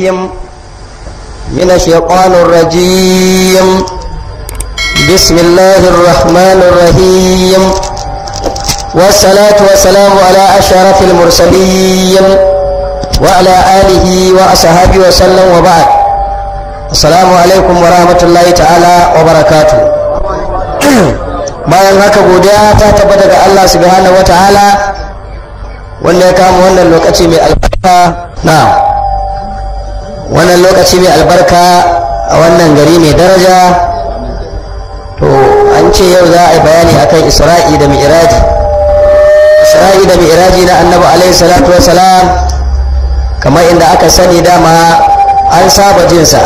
من الشيطان الرجيم بسم الله الرحمن الرحيم والصلاة والسلام على أشرف المرسلين وعلى آله وأصحابه وسلم وبعد السلام عليكم ورحمة الله تعالى وبركاته bayan haka godiya ta tabbata ga Allah subhanahu wataala wanda ya kama wannan lokaci mai albarka na'am wannan lokaci mai albarka a wannan gari mai daraja to an ce yau za a yi bayani akan isra'i da mi'iraji isra'i da mi'iraji na annabi alaihi salatu wa salam kamar inda aka sani dama an saba jinsa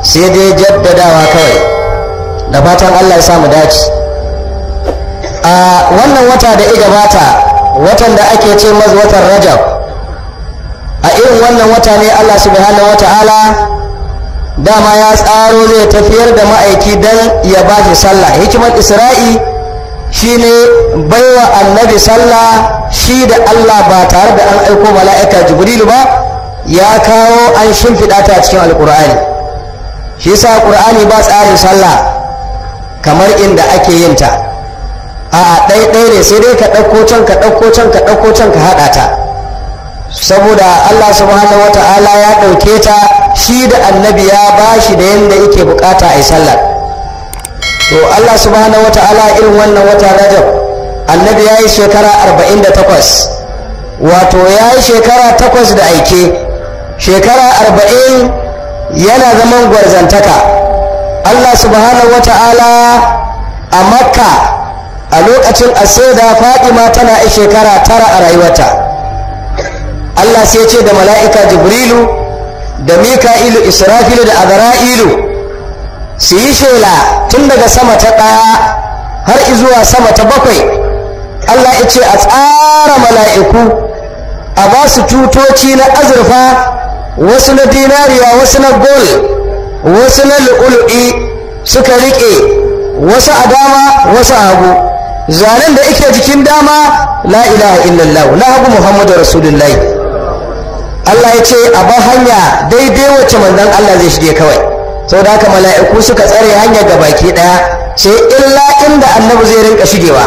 sai dai jaddadawa kawai da fatan allah ya samu dace a wannan wata da ya gabata watan da ake ce mazu watan rajab a irin wannan wata ne Allah subhanahu wata'ala dama ya tsaro zai tafiyar da ma'aiki don ya ba shi sallah hikimar isra'i shine baiwa annabi sallah shi da Allah ba tare da an aiko mala'ika jibrilu ba ya kawo an shimfiɗa ta cikin alkur'ani shi sa ƙur'ani ba tsarin sallah kamar inda ake yinta ta a ɗaiɗai ne sai dai ka ɗauko can ka ɗauko can ka ɗauko can ka haɗa ta saboda Allah subhanahu wata'ala ya ɗauke ta shi da annabi ya shi da yadda yake bukata a yi sallar to Allah subhanahu wata'ala irin wannan wata rajab annabi ya yi shekara 48 wato ya yi shekara 8 da aike shekara 40 yana zaman gwarzantaka Allah subhanahu wata'ala a makka a lokacin aseda ma tana shekara tara a rayuwarta Allah sai ce da mala'ika jibrilu da mika'ilu israfilu da azra'ilu su yi shela tun daga sama ta ɗaya har zuwa sama ta bakwai Allah ya ce a tsara mala'iku a ba su tutoci na azurfa wasu na dinariya wasu na gol wasu na lu'ulu'i suka riƙe wasu a dama wasu a hagu zanen da ike jikin dama la ilaha illallah la hagu muhammadu rasulullahi Allah ya ce a bar hanya daidai wacce manzon Allah zai shige kawai saboda haka mala'iku suka tsare hanya ga baki ɗaya, sai illa inda annabi zai rinka shigewa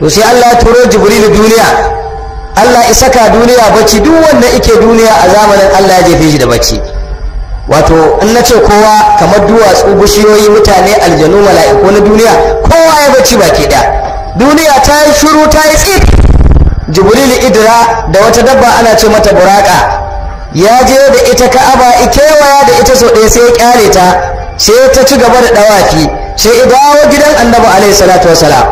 to sai Allah ya turo jibril duniya Allah ya saka duniya bacci duk wanda yake duniya a zamanin Allah ya jefe shi da bacci wato in na ce kowa kamar duwatsu bishiyoyi mutane aljanu mala'iku na duniya kowa ya bacci baki ɗaya. duniya ta yi shiru ta yi tsit jibril idra da wata dabba ana ce mata buraka ya je da ita ka'aba kewaya da ita so ɗaya sai ya kyale ta sai ta ci gaba da dawaki sai ya dawo gidan annabi alayhi salatu wasalam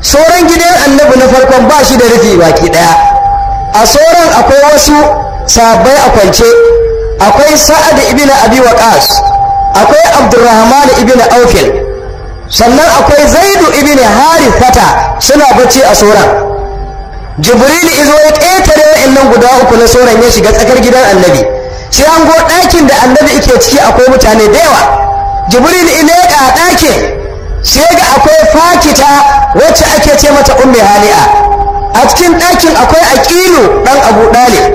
sauran gidan annabi na farkon ba shi da rufi baki ɗaya a sauran akwai wasu sabai a kwance akwai sa'ad ibn abi waqas akwai abdurrahman ibn aufil sannan akwai zaidu ibn harithata suna bacci a sauran jibril izo ya ƙetare wa'annan guda uku na sauran ya shiga tsakar gidan annabi sai an go ɗakin da annabi ke ciki akwai mutane da yawa jibril ile ga ɗakin sai ga akwai fakita wacce ake ce mata ummi hali'a a cikin ɗakin akwai aqilu ɗan abu dalib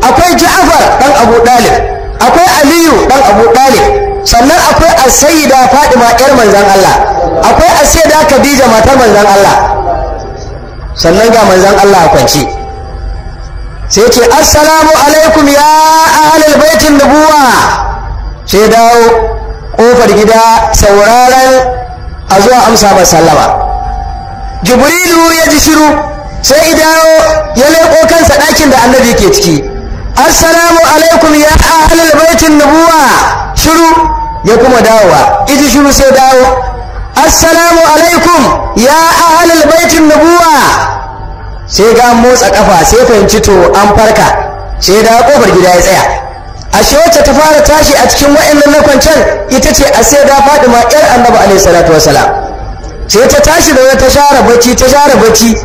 akwai ja'far ɗan abu dalib akwai aliyu ɗan abu dalib sannan akwai asayida fadima ƴar manzon Allah akwai asayida khadija matar manzon Allah sannan ga manzan Allah a kwance sai ce assalamu alaikum ya ahalil baitin nubuwa sai dawo kofar gida sauraron a zuwa amsa ba sallama jibrilu ya ji shiru sai idawo ya leƙo kansa ɗakin da annabi ke ciki assalamu alaikum ya ahalil baitin nubuwa shiru ya kuma dawowa iji shiru sai dawo assalamu alaikum ya ahalil baitin nubuwa sai ga motsa kafa sai fahimci to an farka sai da kofar gida ya tsaya ashe wacce ta fara tashi a cikin wa'annan na kwancen ita ce a sai da fadima yar annabi alaihi salatu wasalam sai ta tashi da ta share bacci ta share bacci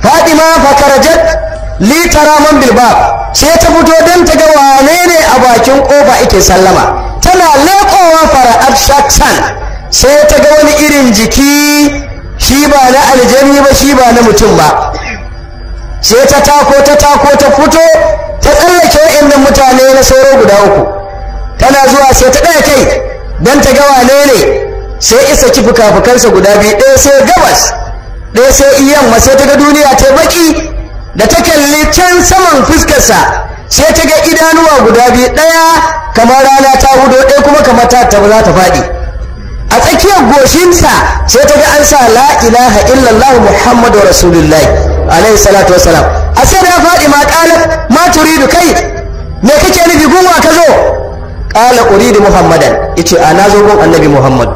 fadima fakarajat li tara bilbab sai ta fito don ta ga wane ne a bakin kofa ike sallama tana leƙowa fara'ar shakshan sai ta ga wani irin jiki shi ba na aljani ba shi ba na mutum ba sai ta tako ta tako ta fito ta tsallake wa'annan mutane na sauro guda uku tana zuwa sai ta ɗaya kai don ta ga wane ne sai isa ki fuka guda biyu ɗaya sai gabas ɗaya sai yamma sai ta ga duniya ta baki da ta kalli can saman fuskarsa sai ta ga idanuwa guda biyu ɗaya kamar rana ta hudo ɗaya kuma kamar ta za ta faɗi a tsakiyar goshinsa sai ta ga an sa la ilaha illallah muhammadu rasulullahi alaihi salatu wasalam a sai da faɗi ma ƙalar ma turidu kai me kake nufi gunwa ka zo ƙala uridu muhammadan ita a na zo gun annabi muhammad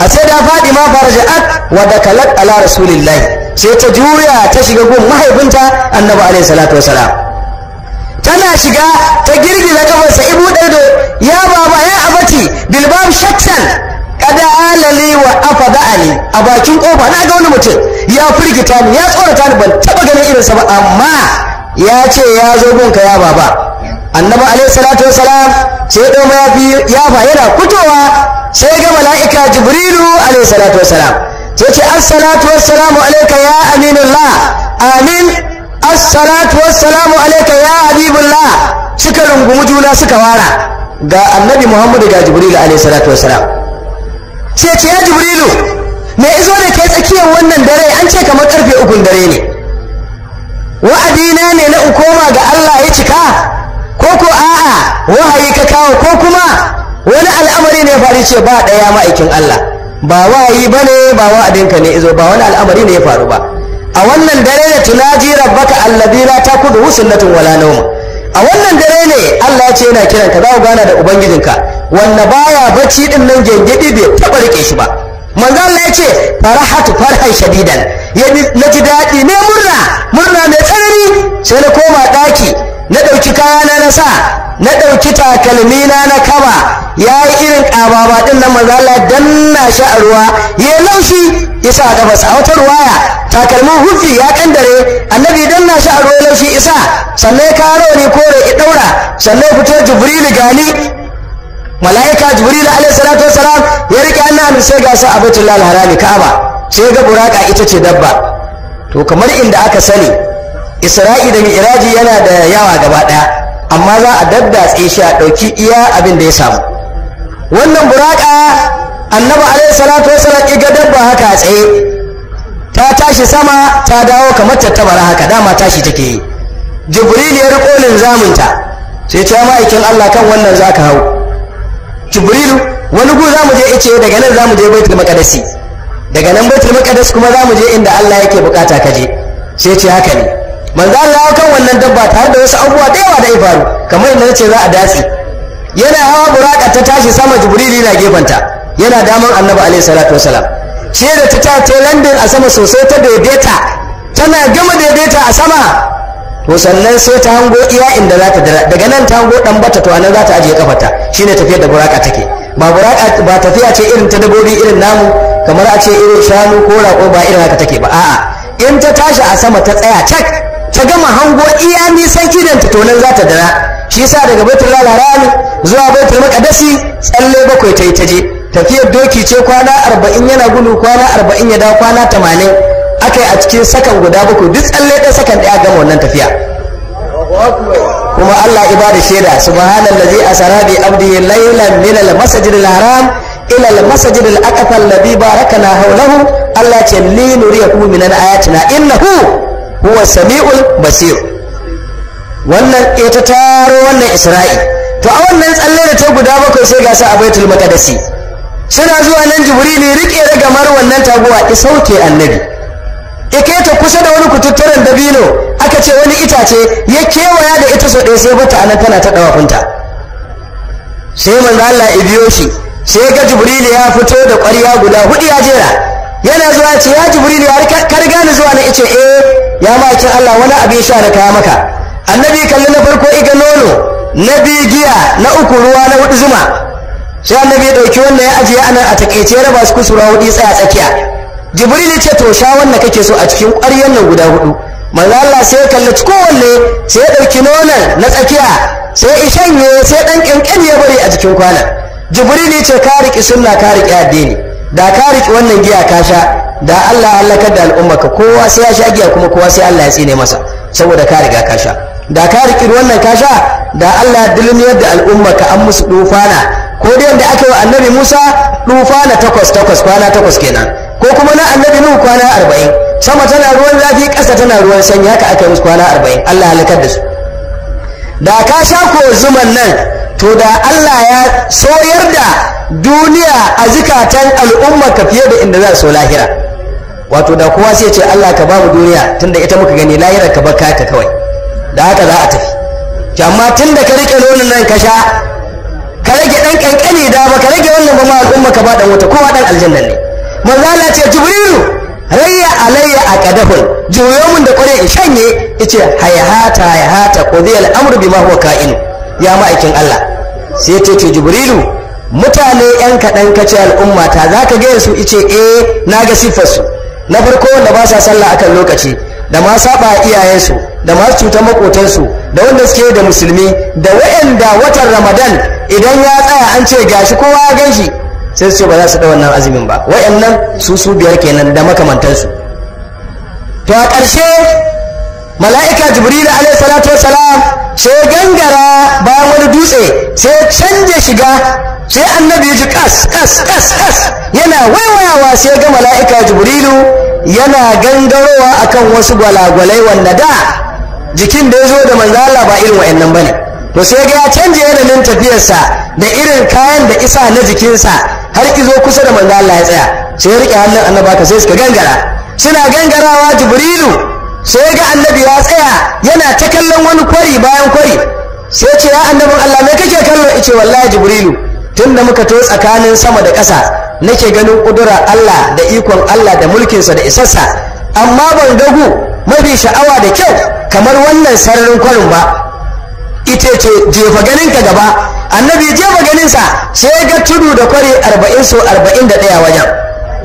a sai da faɗi ma farja'at wa dakalat ala rasulullahi sai ta juya ta shiga gun mahaifinta annabi alaihi salatu wasalam tana shiga ta girgiza kafarsa ibu ɗaya ya baba ya abati bilbam shaksan kada alali wa afada ali a bakin kofa na ga wani mutum ya firgita ni ya tsorata ni ban taba ganin irinsa ba amma ya ce ya zo ka ya baba annabi alaihi salatu wasalam sai ya ma yafi ya fa yana fitowa sai ga mala'ika jibrilu alaihi salatu wasalam sai ce assalatu wassalamu alayka ya aminullah amin assalatu wassalamu alayka ya habibullah suka rungumi juna suka wara ga annabi muhammadu ga jibrilu alaihi salatu wasalam sai ce ya jibrilu me izo da kai tsakiyar wannan dare an ce kamar karfe ukun dare ne wa'adina ne na ukoma ga Allah ya cika ko ko a'a wahayi ka kawo ko kuma wani al'amari ne ya faru ce ba ɗaya ma'aikin Allah ba wahayi ba ne ba wa'adinka ne izo ba wani al'amari ne ya faru ba a wannan dare da tunaji rabbaka alladhi la takudu sunnatun wala nawma a wannan dare ne Allah ya ce yana kiran ka za ku gana da ubangijinka wanda baya bacci din nan gengedi bai taba rike shi ba manzo Allah ya ce farahatu farhan shadidan na ji daɗi ne murna murna mai tsanani sai na koma ɗaki na ɗauki kayana na sa na ɗauki takalmina na kaba ya yi irin ƙababa ɗin nan maza Allah danna shi a ruwa ya laushi isa a gabas a wata ruwaya takalmin hufi ya kandare annabi danna shi a ruwa laushi isa sannan ka rauni kore ki ɗaura sannan fito jibrilu gani mala'ika jibrilu alayhi salatu wassalam ya rike annabi sai ga sa Al harami Kaba. sai ga buraka ita ce dabba to kamar inda aka sani isra'i da mi'raji yana da yawa gaba ɗaya amma za a daddatse shi a ɗauki iya abin da ya samu wannan buraka annabi alaihi salatu wasalam iga dabba haka a tsaye ta tashi sama ta dawo kamar tattabara haka dama tashi take yi jibril ya riko linzaminta sai ta ma'aikin allah kan wannan za ka hau jibrilu wani gu za mu je ice daga nan za mu je baitul maqdisi daga nan baitul maqdis kuma za mu je inda allah yake bukata ka je sai ce haka ne manzo Allah ya kan wannan dabba tare da wasu abubuwa da yawa da ya faru kamar yadda nace za a dace yana hawa buraka ta tashi sama jibrili na gefanta yana daman annabi alaihi salatu wasalam ce da ta ta landin a sama sosai ta daidaita tana gama daidaita a sama to sannan sai ta hango iya inda za ta dara daga nan ta hango dan bata to anan za ta ajiye kafata shine tafiyar da buraka take ba buraka ba tafiya ce irin ta dabobi irin namu kamar a ce irin shanu ko rako ba irin haka take ba a'a in ta tashi a sama ta tsaya cak ta gama hango iya nisan idanta to nan za ta dara shi yasa daga baitul harami zuwa baitul maqdisi tsalle bakwai ta yi ta je tafiyar doki ce kwana arba'in yana gudu kwana arba'in ya da kwana tamanin akai a cikin sakan guda bakwai duk tsalle da sakan ɗaya gama wannan tafiya kuma Allah ibada shaida subhanallazi asara bi abdihi laylan min al al haram ila al-masjid al-aqsa alladhi barakna hawlahu Allah ce li nuriyakum min ayatina innahu huwa sami'ul basir wannan ita taro wannan isra'i to a wannan tsalle da ta guda bakwai sai ga sa a baitul maqdisi suna zuwa nan jibril jibrili rike ragamar wannan taguwa ki sauke annabi iketa kusa da wani kututturen dabino aka ce wani itace ya kewaya da ita so ɗaya sai bata nan tana ta ɗawafinta sai manzo Allah ya biyo shi sai ga jibril ya fito da ƙwarya guda hudu ya jera yana zuwa ce ya jibril ya ka riga ni zuwa na ice eh ya ma'aikin Allah wani abin sha da kaya maka annabi kalli na farko iga nono na biyu giya na uku ruwa na hudu zuma sai annabi ya ɗauki wannan ya ajiye ana a takaice ya raba su kusura hudu tsaya tsakiya jibril ce to sha wannan kake so a cikin ƙwaryen nan guda hudu manzo Allah sai ya kalli kallaci wanne sai ya ɗauki nonon na tsakiya sai ya shanye sai ɗan kankan ya bari a jikin kwana. jibril ce ka riki sunna ka riki addini da ka riki wannan giya ka sha da Allah halakar da al'ummarka kowa sai ya sha kuma kowa sai Allah ya tsine masa saboda ka riga ka sha da ka riki wannan ka sha da Allah dulmiyar da al'ummarka an musu dufana ko da yadda aka yi wa annabi Musa dufana takwas takwas kwana takwas kenan ko kuma na annabi Nuhu kwana arba'in sama tana ruwan zafi ƙasa tana ruwan sanyi haka aka yi musu kwana arba'in Allah halakar da su da ka sha ko zuman nan to da Allah ya soyar da duniya a zikatan ka fiye da inda za su lahira wato da kowa sai ce Allah ka bamu duniya tunda ita muka gani lahirar ka baka ka kawai da haka za a tafi ki amma tunda ka rike nonon nan ka sha ka rage dan kankani da ba ka rage wannan ba ma al'umma ka ba dan wuta kowa dan aljanna ne manzo Allah ce jibrilu rayya alayya aqadahul juyo mun da kware in shanye yace hayhata hayhata qudiyal amru bima huwa ka'in ya ma'aikin Allah sai ya ce jibrilu mutane yan kaɗan kace al'umma ta zaka ka su yace eh na ga su. na farko wanda ba sa sallah akan lokaci da ma saba iyayensu da masu cutar makotansu da wanda suke da musulmi da waɗanda watan ramadan idan ya tsaya an ce gashi kowa ya ganshi sai su ba za su da wannan azumin ba wayannan su su biyar kenan da makamantansu to a ƙarshe mala'ika jibrilu alaihi salatu wasalam sai gangara bayan wani dutse sai canja shiga sai annabi ya ji kas kas kas kas yana waiwayawa sai ga mala'ika jibrilu yana gangarowa akan wasu gwalagwalai wanda da jikin da ya zo da manzo Allah ba irin wayannan bane to sai ga ya canje yanayin tafiyarsa da irin kayan da isa na jikinsa har izo kusa da manzo Allah ya tsaya sai ya rike hannun annaba ka sai suka gangara suna gangarawa jibrilu sai ga annabi ya tsaya yana ta kallon wani kwari bayan kwari sai ce ya annabin Allah me kake kallo ice wallahi jibrilu tun da muka to tsakanin sama da ƙasa nake ganin ƙudura Allah da ikon Allah da mulkinsa da isarsa amma ban dagu mafi sha'awa da kyau kamar wannan sararin kwarin ba ita ce jefa ganinka gaba annabi jefa ganinsa sai ya ga tudu da kwari arba'in so arba'in da ɗaya wajen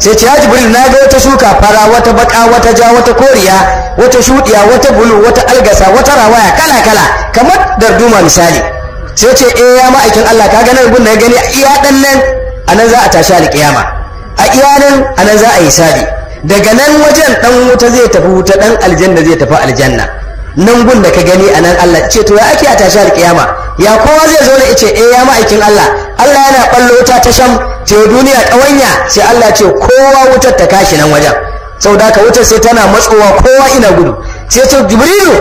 sai ce ya jibril na ga wata shuka fara wata baka wata ja wata koriya wata shuɗiya wata bulu wata algasa wata rawaya kala kala kamar darduma misali sai ce eh ya ma'aikin Allah ka ganin gun da ya gani iya dan nan anan za a tashi alƙiyama a iya nan anan za a yi sabi daga nan wajen dan wuta zai tafi wuta dan aljanna zai tafi aljanna nan gun da ka gani anan Allah ce to ya ake a tashi alkiyama ya kowa zai zo da ice ce eh ya ma'aikin Allah Allah yana ballo wuta ta sham ce duniya ƙawanya sai Allah ce kowa wutar ta kashi nan wajen saboda ka wutar sai tana matsowa kowa ina gudu sai ce jibrilu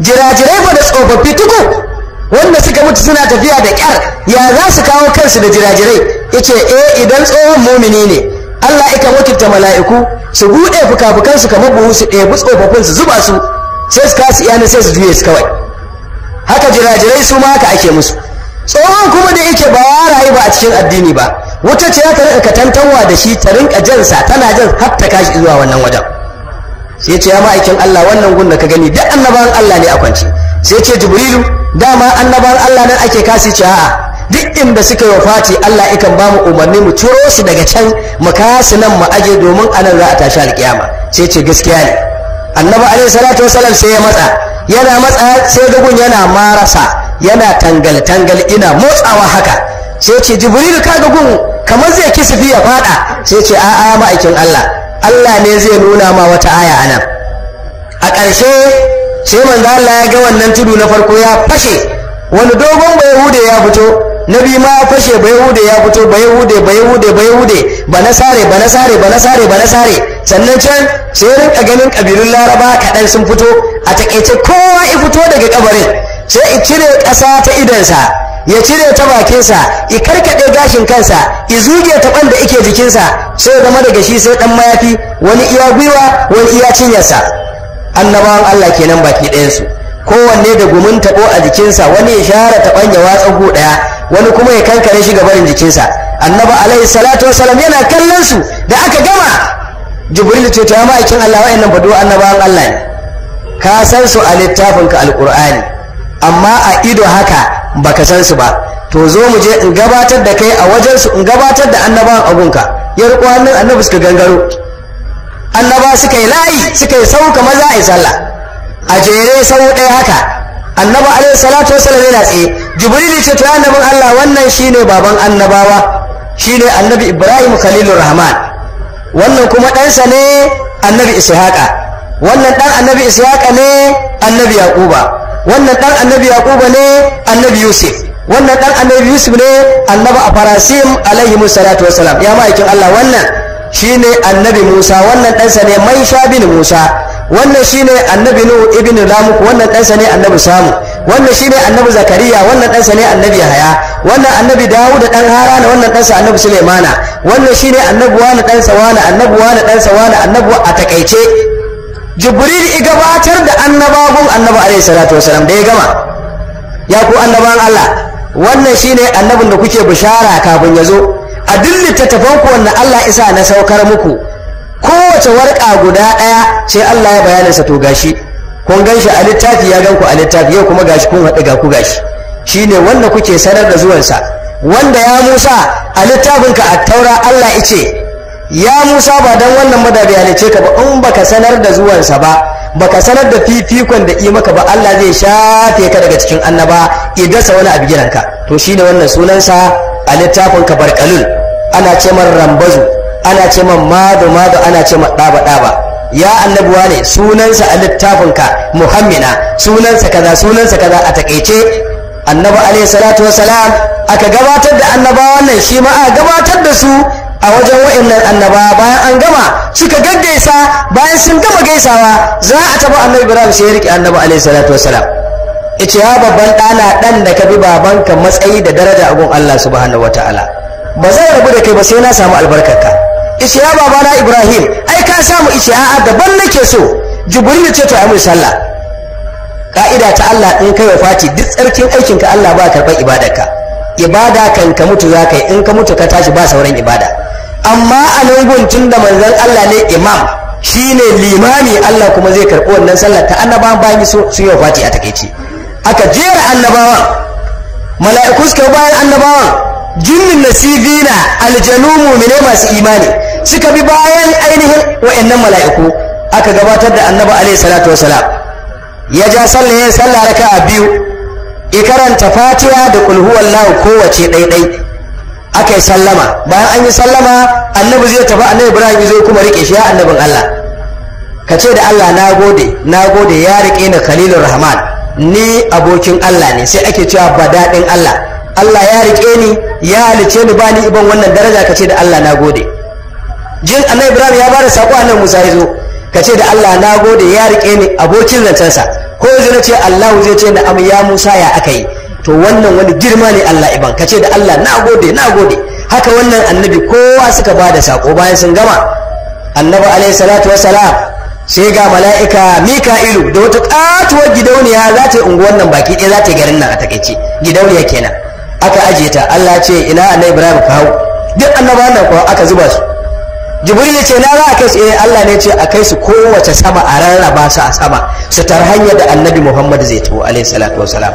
jirajirai fa da tsofaffi tuku wanda suka mutu suna tafiya da kyar ya za su kawo kansu da jirajirai ce eh idan tsohon mumini ne Allah ika wakilta mala'iku su buɗe fuka-fukansu kamar buhu su ɗebi tsofaffin su zuba su sai su kasu iyanin sai su juye su kawai haka jirajirai su ma haka ake musu tsohon kuma da yake ba ya rayu ba a cikin addini ba wuta ce ta rika katantanwa da shi ta rinka jansa tana jan har ta kashi zuwa wannan wajen sai ce ya ma'aikin Allah wannan gun da ka gani duk annabawan Allah ne a kwance sai ce jibrilu dama annaban Allah nan ake kasi ce a'a duk inda suka yi wafati Allah yakan ba mu umarni mu ciro su daga can mu kasu nan mu aje domin anan za a tashi alkiyama sai ce gaskiya ne annabi alaihi salatu wasalam sai ya matsa yana matsa sai dugun yana marasa yana tangal tangal ina motsawa haka sai ce jibril ka gun kamar zai kisifi ya fada sai ce a'a ma'aikin Allah Allah ne zai nuna ma wata aya anan a ƙarshe sai manzo Allah ya ga wannan tudu na farko ya fashe wani dogon bayahude ya fito na ma ya fashe bayahude ya fito bayahude bayahude bayahude ba na sare ba na sare ba na sare ba na sare sannan can sai rinka ganin kabilun laraba kaɗan sun fito a takaice kowa ya fito daga kabarin sai i cire ƙasa ta idansa ya cire ta bakinsa i karkaɗe gashin kansa i zuge taɓan da ike jikinsa sai zama daga shi sai ɗan mayafi wani iya gwiwa wani iya cinyarsa annabawan Allah kenan baki su kowanne da gumin tabo a jikinsa wani ya share taɓanya watsa gu daya wani kuma ya kankare shi gabarin jikinsa annabi alaihi salatu wasalam yana kallon su da aka gama jibril ce ta ma aikin Allah wa'annan fa annabawan Allah ne ka san su a littafin ka alqur'ani amma a ido haka baka san su ba to zo mu je in gabatar da kai a wajen su in gabatar da annabawan abunka ya riko hannun annabi suka gangaro annaba suka yi layi suka yi sau kamar za a yi sallah a jere sau ɗaya haka annaba alaihi salatu wasallam yana tsaye jibril ce to annabin Allah wannan shine baban annabawa shine annabi ibrahim khalilur rahman wannan kuma ɗansa ne annabi ishaqa wannan ɗan annabi ishaqa ne annabi yaquba wannan ɗan annabi yaquba ne annabi yusuf wannan ɗan annabi yusuf ne annabi afarasim alaihi salatu wasalam ya ma'aikin Allah wannan shine annabi Musa wannan ɗansa ne mai sha bin Musa wannan shine annabi Nuhu ibn Lamuk wannan ɗansa ne annabi Samu wannan shine annabi Zakariya wannan ɗansa ne annabi Yahaya wannan annabi Dawud dan Harana wannan ɗansa annabi Sulaimana wannan shine annabi wani ɗansa wani annabi wani ɗansa wani annabi a takaice Jibril i gabatar da annabawan annabi alaihi salatu wasalam da ya gama ya ku annaban Allah wannan shine annabin da kuke bishara kafin ya zo a duk littattafan ku wanda Allah isa na saukar muku kowace warƙa guda ɗaya ce Allah ya bayanin sa to gashi kun gan a littafi ya gan a littafi yau kuma gashi kun haɗu ga ku gashi shine wanda kuke sanar da zuwansa wanda ya Musa a littafinka a taura Allah ice ya Musa ba dan wannan madabi ce ka ba in baka sanar da zuwansa ba baka sanar da fifikon da maka ba Allah zai shafe ka daga cikin annaba sa wani abu ka. to shine wannan sunansa a littafin kabarkalul ana ce man rambazu ana ce man mado mado ana ce man ɗaba ɗaba ya annabuwa ne sunansa a littafin ka, muhammina sunansa kaza sunansa kaza a takaice annabi alaihi salatu wasalam aka gabatar da annabawan nan shi ma a gabatar da su a wajen wa'annan annaba bayan an gama suka gaggaisa bayan sun gama gaisawa za a taba annabi ibrahim sai ya rike annabi alaihi salatu wasalam ya ce ya babban ɗana ɗan da ka bi babanka matsayi da daraja a gun Allah subhanahu ta'ala ba zan rabu da kai ba sai na samu albarkarka ishe ya babana Ibrahim ai ka samu ishe a'a daban nake so Jibril ce to amin sallah ka'ida ta Allah in kai wa Fati duk tsarkin aikin ka Allah ba karɓar ibadarka ibada kan ka mutu za ka in ka mutu ka tashi ba sauran ibada amma a nan tun da manzon Allah ne imam shine limami Allah kuma zai karɓi wannan sallar ta annabawan bayan su sun yi wafati a takeici aka jera annabawan mala'iku suka bayan annabawan jinnin nasibina aljanu mine masu imani suka bi bayan ainihin wa'annan mala'iku aka gabatar da annaba alaihi salatu wa salam ya ja sallah ya sallah a biyu ikaranta fatiha da kul huwallahu kowace ɗaiɗai aka yi sallama bayan an yi sallama annabi zai tafi annabi ibrahim zai kuma rike shi ya annabin allah ka ce da allah na gode na gode ya rike ni khalilur rahman ni abokin Allah ne sai ake cewa ba daɗin Allah Allah ya riƙe ni ya halice ni bani iban wannan daraja ka ce da Allah na gode jin annabi Ibrahim ya bada sako annabi Musa ya zo ka ce da Allah na gode ya riƙe ni abokin zancensa ko yanzu na ce Allahu zai ce da ya Musa ya aka yi to wannan wani girma ne Allah iban ka ce da Allah na gode na gode haka wannan annabi kowa suka bada sako bayan sun gama annabi alaihi salatu wassalam sai ga mala'ika ilu da wata ƙatuwar gidauniya za ta yi unguwan nan baki ɗaya za ta yi garin nan a takaice gidauniya kenan aka ajiye ta Allah ce ina annabi Ibrahim ka duk annaba nan kuwa aka zuba su Jibril ce na za a kai su eh Allah ne ce a kai su kowace sama a rarraba su a sama su tar hanyar da annabi Muhammad zai tafi alaihi salatu wasalam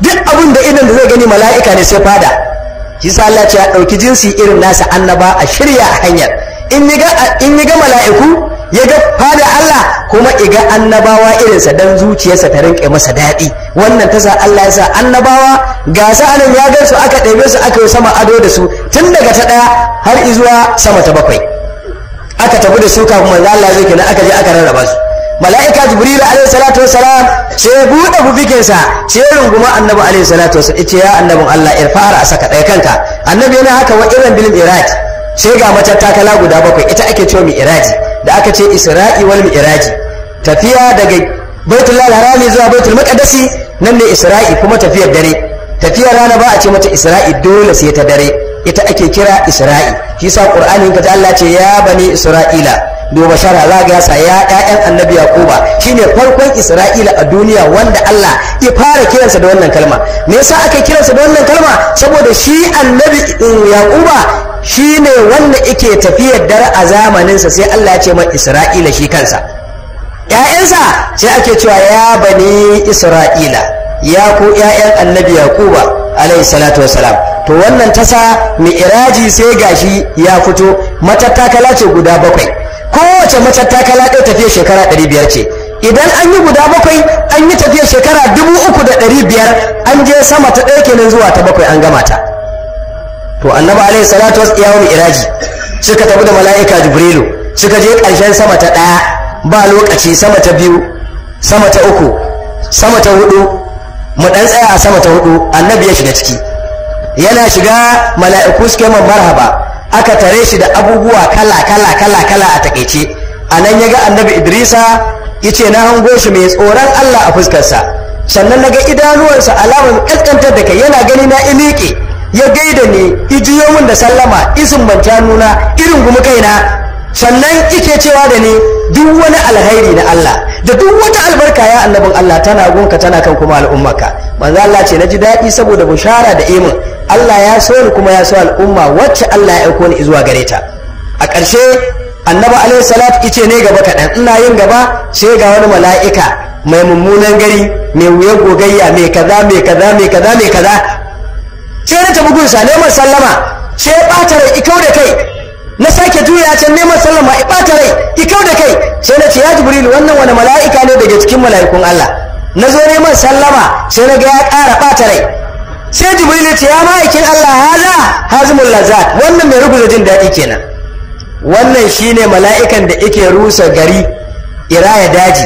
duk abin da idan da zai gani mala'ika ne sai fada shi sa Allah ce ya ɗauki jinsi irin nasa annaba a shirya a hanyar in yi ga mala'iku ya ga fada Allah kuma iga annabawa irinsa dan zuciyarsa ta rinƙe masa daɗi wannan ta sa Allah ya sa annabawa ga sa'anin ya gan aka ɗebe su aka yi sama ado da su tun daga ta ɗaya har izuwa sama ta bakwai aka tafi da su kafin manzo Allah ya kenan aka je aka rarraba su mala'ika jibril alaihi salatu wassalam sai ya buɗe bufikinsa sai ya runguma annabi alaihi salatu wassalam ya ce ya annabin Allah irfara saka ɗaya kanka annabi yana haka wa irin bilin iraki sai ga mace takala guda bakwai ita ake cewa mai iraji da aka ce isra'i wal mi'raji tafiya daga baitul harami zuwa baitul maqdisi nan ne isra'i kuma tafiyar dare tafiyar rana ba a ce mata isra'i dole sai ta dare ita ake kira isra'i shi sa qur'ani ka Allah ce ya bani isra'ila mai shara za ga yasa ya ƴaƴan annabi yaquba shine farkon isra'ila a duniya wanda Allah ya fara kiransa da wannan kalma me yasa aka kiransa da wannan kalma saboda shi annabi um, yaquba shine wanda yake tafiyar dare a zamaninsa sai Allah ya ce mai isra'ila shi kansa Ya'yansa sai ake cewa ya bani isra'ila ya ku ƴaƴan annabi yaquba alayhi salatu wassalam to wannan tasa mai iraji sai gashi ya fito matattakala ce guda bakwai kowace mace takala ɗaya tafiya shekara ɗari biyar ce idan an yi guda bakwai an yi tafiya shekara dubu uku da ɗari biyar an je sama ta ɗaya kenan zuwa ta bakwai an gama ta to annabi alayhi salatu wasu iyawa iraji suka tafi da mala'ika jibrilu suka je ƙarshen sama ta ɗaya ba lokaci sama ta biyu sama ta uku sama ta hudu mu ɗan tsaya a sama ta hudu annabi ya shiga ciki yana shiga mala'iku suke man marhaba aka tare shi da abubuwa kala kala kala kala a takaice a nan ya ga annabi idrisa ya ce na hango shi mai tsoron allah a fuskarsa sannan na ga idanuwansa alamar kaskantar da kai yana gani na ilike ya gaida ni ijiyo min da sallama isin banta nuna irin gumi kaina sannan ike cewa da ni duk wani alhairi na Allah da duk wata albarka ya annabin Allah tana gunka tana kan kuma al'ummaka. manzo Allah ce ji daɗi saboda bushara da imin Allah ya so ni kuma ya so al'umma wacce Allah ya aiko ni zuwa gare ta a ƙarshe annabi alaihi salatu ice ne gaba kaɗan ina yin gaba sai ga wani mala'ika mai mummunan gari mai wuya gogayya mai kaza mai kaza mai kaza mai kaza sai na tafi gunsa neman sallama sai ɓata rai ikau da kai na sake juya can neman sallama ya ɓata rai ikau da kai sai na ce ya jibrilu wannan wani mala'ika ne daga cikin mala'ikun Allah na zo neman sallama sai na ga ya ƙara ɓata rai sai jibril ya ce ya ma'aikin Allah haza hazimul lazat wannan mai rubuta jin daɗi kenan wannan shine mala'ikan da yake rusa gari iraya daji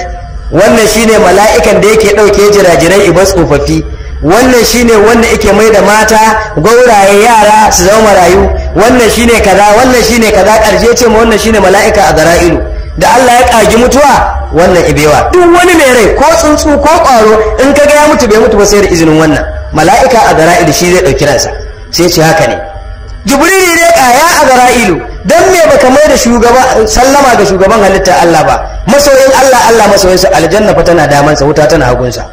wannan shine mala'ikan da yake ɗauke jirajiran ibar tsofaffi wannan shine wanda yake mai da mata gauraye yara su zama marayu wannan shine kaza wannan shine kaza ƙarshe ce ma wannan shine mala'ika a zara'ilu da Allah ya ƙagi mutuwa wannan ibewa duk wani mai rai ko tsuntsu ko ƙwaro in ka ga ya mutu bai mutu ba sai da izinin wannan mala'ika a gara'il shi zai ɗauki ransa sai ce haka ne jibril ne ƙaya a gara'ilu dan me baka mai da shugaba sallama ga shugaban halittar Allah ba masoyin Allah Allah masoyinsa aljanna fa tana damansa wuta tana hagunsa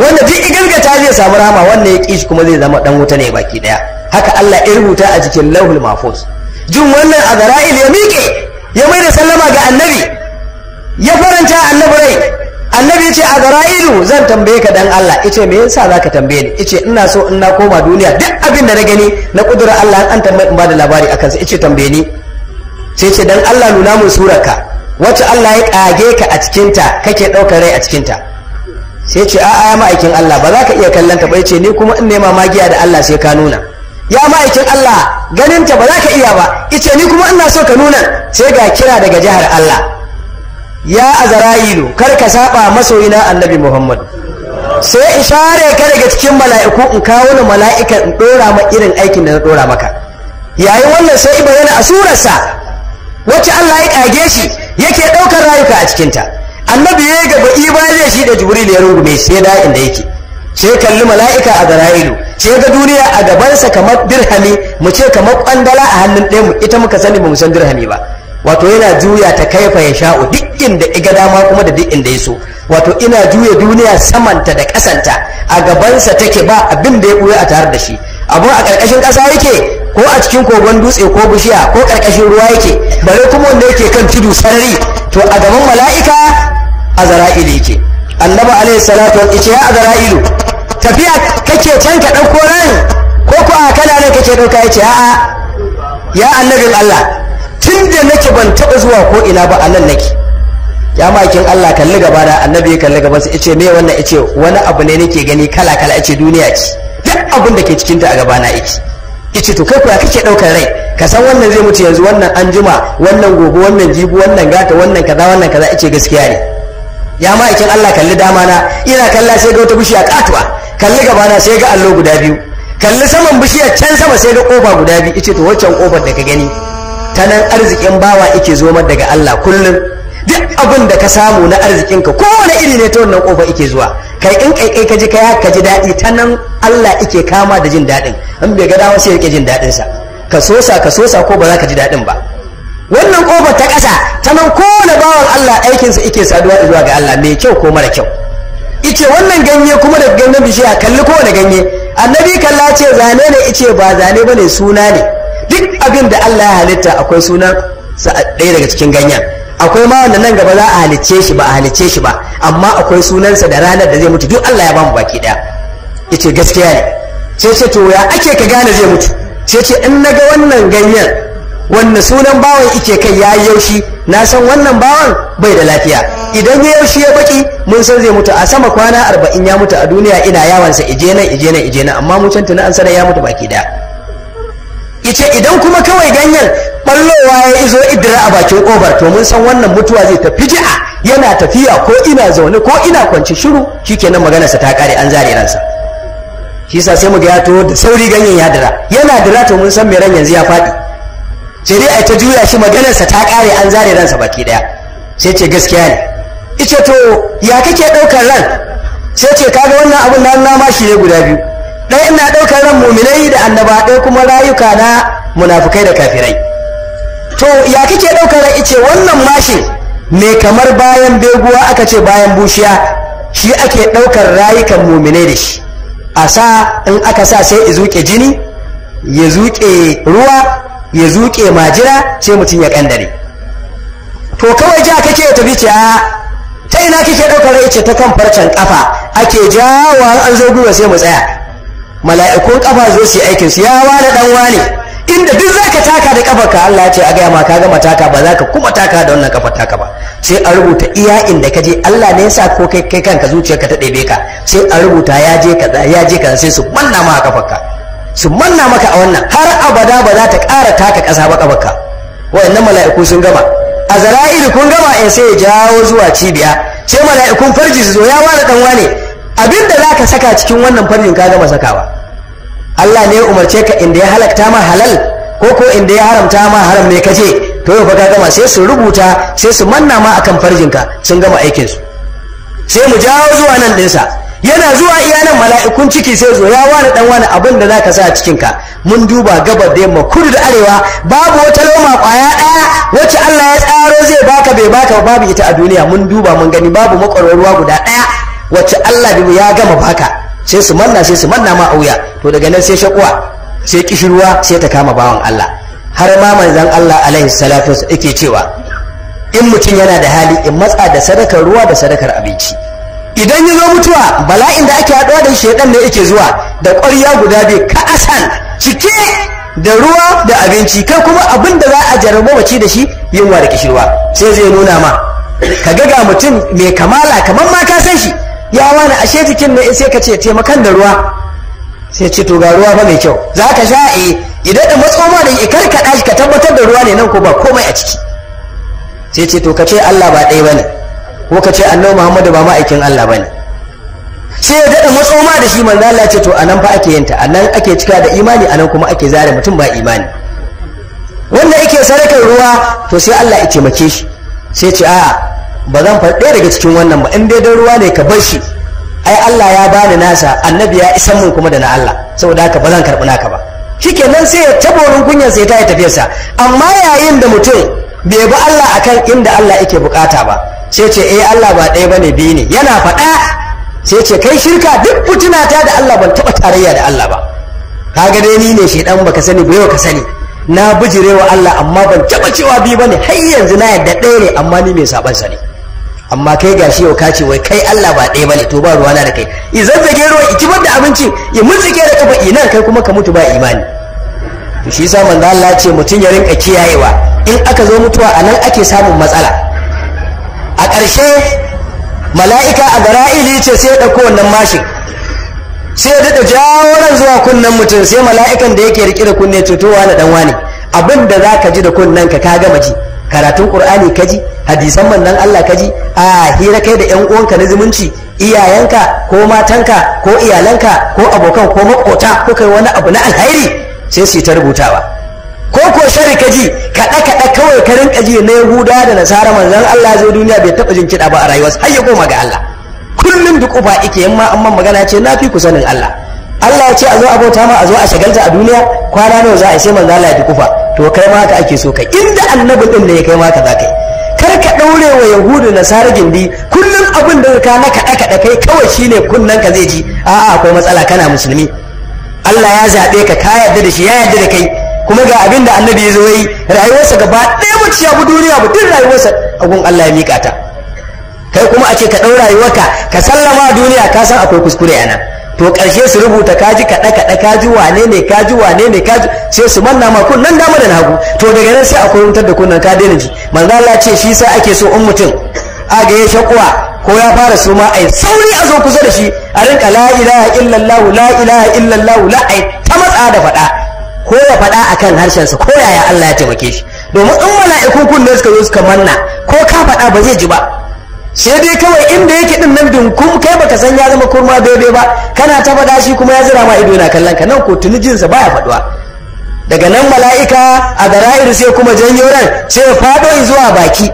wanda duk ta zai samu rama wannan ya kishi kuma zai zama dan wuta ne baki daya haka Allah ya rubuta a cikin lauhul mahfuz jin wannan a gara'il ya miƙe ya mai da sallama ga annabi ya faranta annabi rai annabi ya ce a garayilu zan tambaye ka dan Allah ya ce me yasa za ka tambaye ni ya ce ina so in na koma duniya duk abin da na gani na kudura Allah an tambaye in ba da labari akan sa ya ce tambaye ni sai ce dan Allah nuna mun surarka wacce Allah ya kage ka a cikinta kake ɗaukar rai a cikinta sai ce a'a ya ma'aikin Allah ba za ka iya kallon ta ba ya ce ni kuma in ne mamagiya da Allah sai ka nuna ya ma'aikin Allah ganin ta ba za ka iya ba ce ni kuma ina so ka nuna sai ga kira daga jihar Allah ya azra'ilu kar ka saba masoyina annabi muhammad sai in share ka daga cikin mala'iku in kawo ni mala'ika in dora ma irin aikin da na dora maka yayin wannan sai bayyana a surarsa wacce Allah ya kage shi yake daukar rayuka a cikin ta annabi ya gaba ibaliya shi da jibril ya rungume sai da inda yake sai kalli mala'ika a zara'ilu sai ga duniya a gabansa kamar dirhami mu ce kamar kwandala a hannun ɗaya mu ita muka sani ba mu san dirhami ba wato yana juya ta kaifa ya sha'u duk inda iga dama kuma da duk inda ya so wato ina juya duniya samanta da kasanta a gabansa take ba abin da ya buya a tare da shi abun a ƙarƙashin ƙasa yake ko a cikin kogon dutse ko bishiya ko ƙarƙashin ruwa yake bare kuma wanda yake kan tudu sarari to a gaban mala'ika a yake annabi alaihi salatu wa ya azra'ilu tafiya kake can ka ɗauko ran ko ko a kana ne kake ɗauka yace a'a ya annabin Allah tun da nake ban taɓa zuwa ko ina ba a nan nake ya makin Allah kalli gaba da annabi ya kalli gaba su ce me wannan ya ce wani abu ne nake gani kala kala ya ce duniya ce duk abin da ke cikinta a gabana yake ya ce to kai kuwa kake ɗaukar rai ka san wannan zai mutu yanzu wannan an jima wannan gobe wannan jibu wannan gata wannan kaza wannan kaza ya ce gaskiya ne ya ma'aikin Allah kalli dama na ina kalla sai ga wata bishiya katuwa kalli gaba na sai ga allo guda biyu kalli saman bishiyar can sama sai ga kofa guda biyu ita to waccan kofar da ka gani Tanan arzikin bawa yake zo daga Allah kullum duk abin da ka samu na arzikin arzikinka kowane iri ne ta wannan kofa yake zuwa kai in kai kai kaji kai haka ji daɗi ta nan Allah yake kama da jin daɗin in bai ga dawo sai yake jin daɗin sa ka sosa ka sosa ko ba za ka ji daɗin ba wannan kofa ta kasa ta nan kowane bawan Allah aikinsa yake saduwa zuwa ga Allah mai kyau ko mara kyau ice wannan ganye kuma da ganyen bishiya kalli kowane ganye annabi kalla ce zane ne ice ba zane bane suna ne duk abin da Allah ya halitta akwai sunan ɗaya daga cikin ganyen akwai ma wanda nan gaba za a halicce shi ba a halicce shi ba amma akwai sunansa da ranar da zai mutu duk Allah ya bamu baki ɗaya yace gaskiya ne sai ce to ya ake ka gane zai mutu sai ce in naga wannan ganyen wannan sunan bawan ike kai ya yaushi na san wannan bawan bai da lafiya idan ya yaushi ya baki mun san zai mutu a sama kwana arba'in ya mutu a duniya ina yawansa ije nan ije nan ije nan amma mu can na an sanar ya mutu baki ɗaya yace idan kuma kawai ganyen ballowa ya izo idira a bakin kobar to mun san wannan mutuwa zai tafi ji'a yana tafiya ko ina zaune ko ina kwanci shiru shikenan maganarsa ta kare an zare ransa shi yasa sai ga ya to da sauri ganyen ya dira yana dira to mun san me ran yanzu ya faɗi sai dai ta juya shi maganarsa ta kare an zare ransa baki daya sai ce gaskiya ne ice to ya kake ɗaukar ran sai ce kaga wannan abun na nama shi ne guda biyu ɗaya na ɗaukar ran muminai da annaba ɗaya kuma rayuka na munafukai da kafirai to ya kike ɗaukar ran ice wannan mashin mai kamar bayan beguwa aka ce bayan bushiya shi ake ɗaukar rayukan muminai da shi a sa in aka sa sai ya zuƙe jini ya zuƙe ruwa ya zuƙe majira sai mutum ya ƙandare to kawai ja kake ya tafi ce ta ina kike ɗaukar ran ice ta kan farcen ƙafa ake jawo an zo gwiwa sai mu tsaya mala'ikun kafa zo su yi aikin su ya wani dan wane inda duk zaka taka da ka Allah ya ce a gaya ma ka gama taka ba zaka kuma taka da wannan kafar taka ba sai a rubuta iya inda ka je Allah ne yasa ko kai kai kanka ka ta ɗebe ka sai a rubuta ya je kaza ya je kaza sai su manna ma ka su manna maka a wannan har abada ba za ta ƙara taka ƙasa ba ka wayannan mala'iku sun gama azra'ilu kun gama in eh, sai ya jawo zuwa cibiya sai mala'ikun farji su zo ya wani dan wane abin da za ka saka cikin wannan farin ka gama sakawa Allah ne ya umarce ka inda ya halakta ma halal ko ko inda ya haramta ma haram ne kace to yau fa ka gama sai su rubuta sai su manna ma akan ka sun gama aikin su sai mu jawo zuwa nan ɗinsa yana zuwa iya mala'ikun ciki sai zo ya wani dan wani abin da zaka sa cikin ka mun duba gabar da yamma kudu da arewa babu wata loma kwaya daya wacce Allah ya tsaro zai baka bai baka babu ita a duniya mun duba mun gani babu makwarwar guda daya wacce Allah ya gama baka sai su manna sai su manna ma auya to daga nan sai shakuwa sai kishirwa sai ta kama bawan Allah har ma manzon Allah alaihi salatu yake cewa in mutum yana da hali in matsa da sadakar ruwa da sadakar abinci idan ya zo mutuwa bala'in da ake haɗuwa da shedan ne yake zuwa da ƙwarya guda biyu ka asal cike da ruwa da abinci kai kuma abin da za a jarabo mace da shi yin wa da kishirwa sai zai nuna ma ka ga ga mutum mai kamala kamar ma ka san shi ya wani ashe jikin ne sai ka ce taimakan da ruwa sai ce to ga ruwa ba mai kyau za ka sha e idan da matsoma da ikar ka shi ka tabbatar da ruwa ne nan ko ba komai a ciki sai ce to ka ce Allah ba ɗaya bane ko ka ce annabi Muhammadu ba ma'aikin Allah bane sai ya daɗa matsoma da shi manzo Allah ce to anan fa ake yinta anan ake cika da imani anan kuma ake zare mutum ba imani wanda yake sarakar ruwa to sai Allah ya taimake shi sai ce a'a ba zan faɗi ɗaya daga cikin wannan ba in dai don ruwa ne ka bar shi ai Allah ya bani nasa annabi ya isan mun kuma da na Allah saboda haka ba zan karɓi naka ba shikenan sai ya tabo wurin kunyar sai ta yi tafiyarsa amma yayin da mutum bai bi Allah akan inda Allah yake bukata ba sai ce eh Allah ba ɗaya bane biyu ne yana faɗa sai ce kai shirka duk fitina ta da Allah ban taɓa tarayya da Allah ba kaga dai ni ne shedan baka sani ba yau ka sani na bijirewa Allah amma ban taɓa cewa biyu bane har yanzu na yadda ɗaya ne amma ni mai saban sani amma kai gashi yau ka ce wai kai Allah ba ɗaya bane to ba ruwa na da kai i zazzage ruwa i kibar da abinci i mutsike da kafa ina kai kuma ka mutu ba imani to shi yasa manzo Allah ce mutun ya rinka kiyayewa in aka zo mutuwa anan ake samun matsala a ƙarshe mala'ika a gara'ili ce sai ya dauko wannan mashin sai ya dada jawo ran zuwa kunnen mutum sai mala'ikan da yake rike da kunne ce to wani dan wani abin da za ji da kunnen ka ka gama ji karatun qur'ani kaji hadisan manzon Allah kaji a hira kai da yan uwanka na zumunci iyayenka ko matanka ko iyalanka ko abokan ko makota ko kai wani abu na alhairi sai su yi ta rubutawa ko ko shari kaji kaɗa kaɗa kawai ka rinka ji na yahuda da nasara manzon Allah zai duniya bai taɓa jin kiɗa ba a rayuwarsa har ya koma ga Allah kullum duk uba ike yamma amma magana ce na fi ku sanin Allah Allah ya ce a zo abota ma a zo a shagalta a duniya kwana nawa za a yi sai manzo Allah ya dukufa to kai ma haka ake so kai inda annabi din ne kai ma haka za kai kar ka daure wa yahudu nasara gindi kullum abin da ka na daka da kai kawai shine kunnen ka zai ji a'a akwai matsala kana musulmi Allah ya zaɓe ka ka yarda da shi ya yarda da kai kuma ga abin da annabi ya zo yi rayuwarsa gaba ɗaya mu ci abu duniya mutum rayuwarsa agun Allah ya miƙa ta kai kuma a ce ka ɗau rayuwarka ka sallama duniya ka san akwai kuskure a nan to ƙarshe su rubuta kaji kaɗa kaɗa kaji wane ne kaji wane ne kaji ce su manna ma kunnan dama da hagu to daga nan sai akwai wutar da kunnan ka daina ji manzo Allah ce shi sa ake so in mutum a ga ya shakuwa ko ya fara suma ai sauri a zo kusa da shi a rinka la ilaha illallah la ilaha illallah la ai ta matsa da faɗa ko ya faɗa akan harshen sa ko yaya Allah ya taimake shi domin in mala'iku kunne suka zo suka manna ko ka faɗa ba zai ji ba sai dai kawai inda yake din nan dunkum kai baka san ya zama kurma bebe ba kana ta faɗa shi kuma ya zira ma ido na kallon ka nan ko tuni jinsa baya faɗuwa daga nan mala'ika a gara'ir sai kuma janyo ran sai faɗo zuwa baki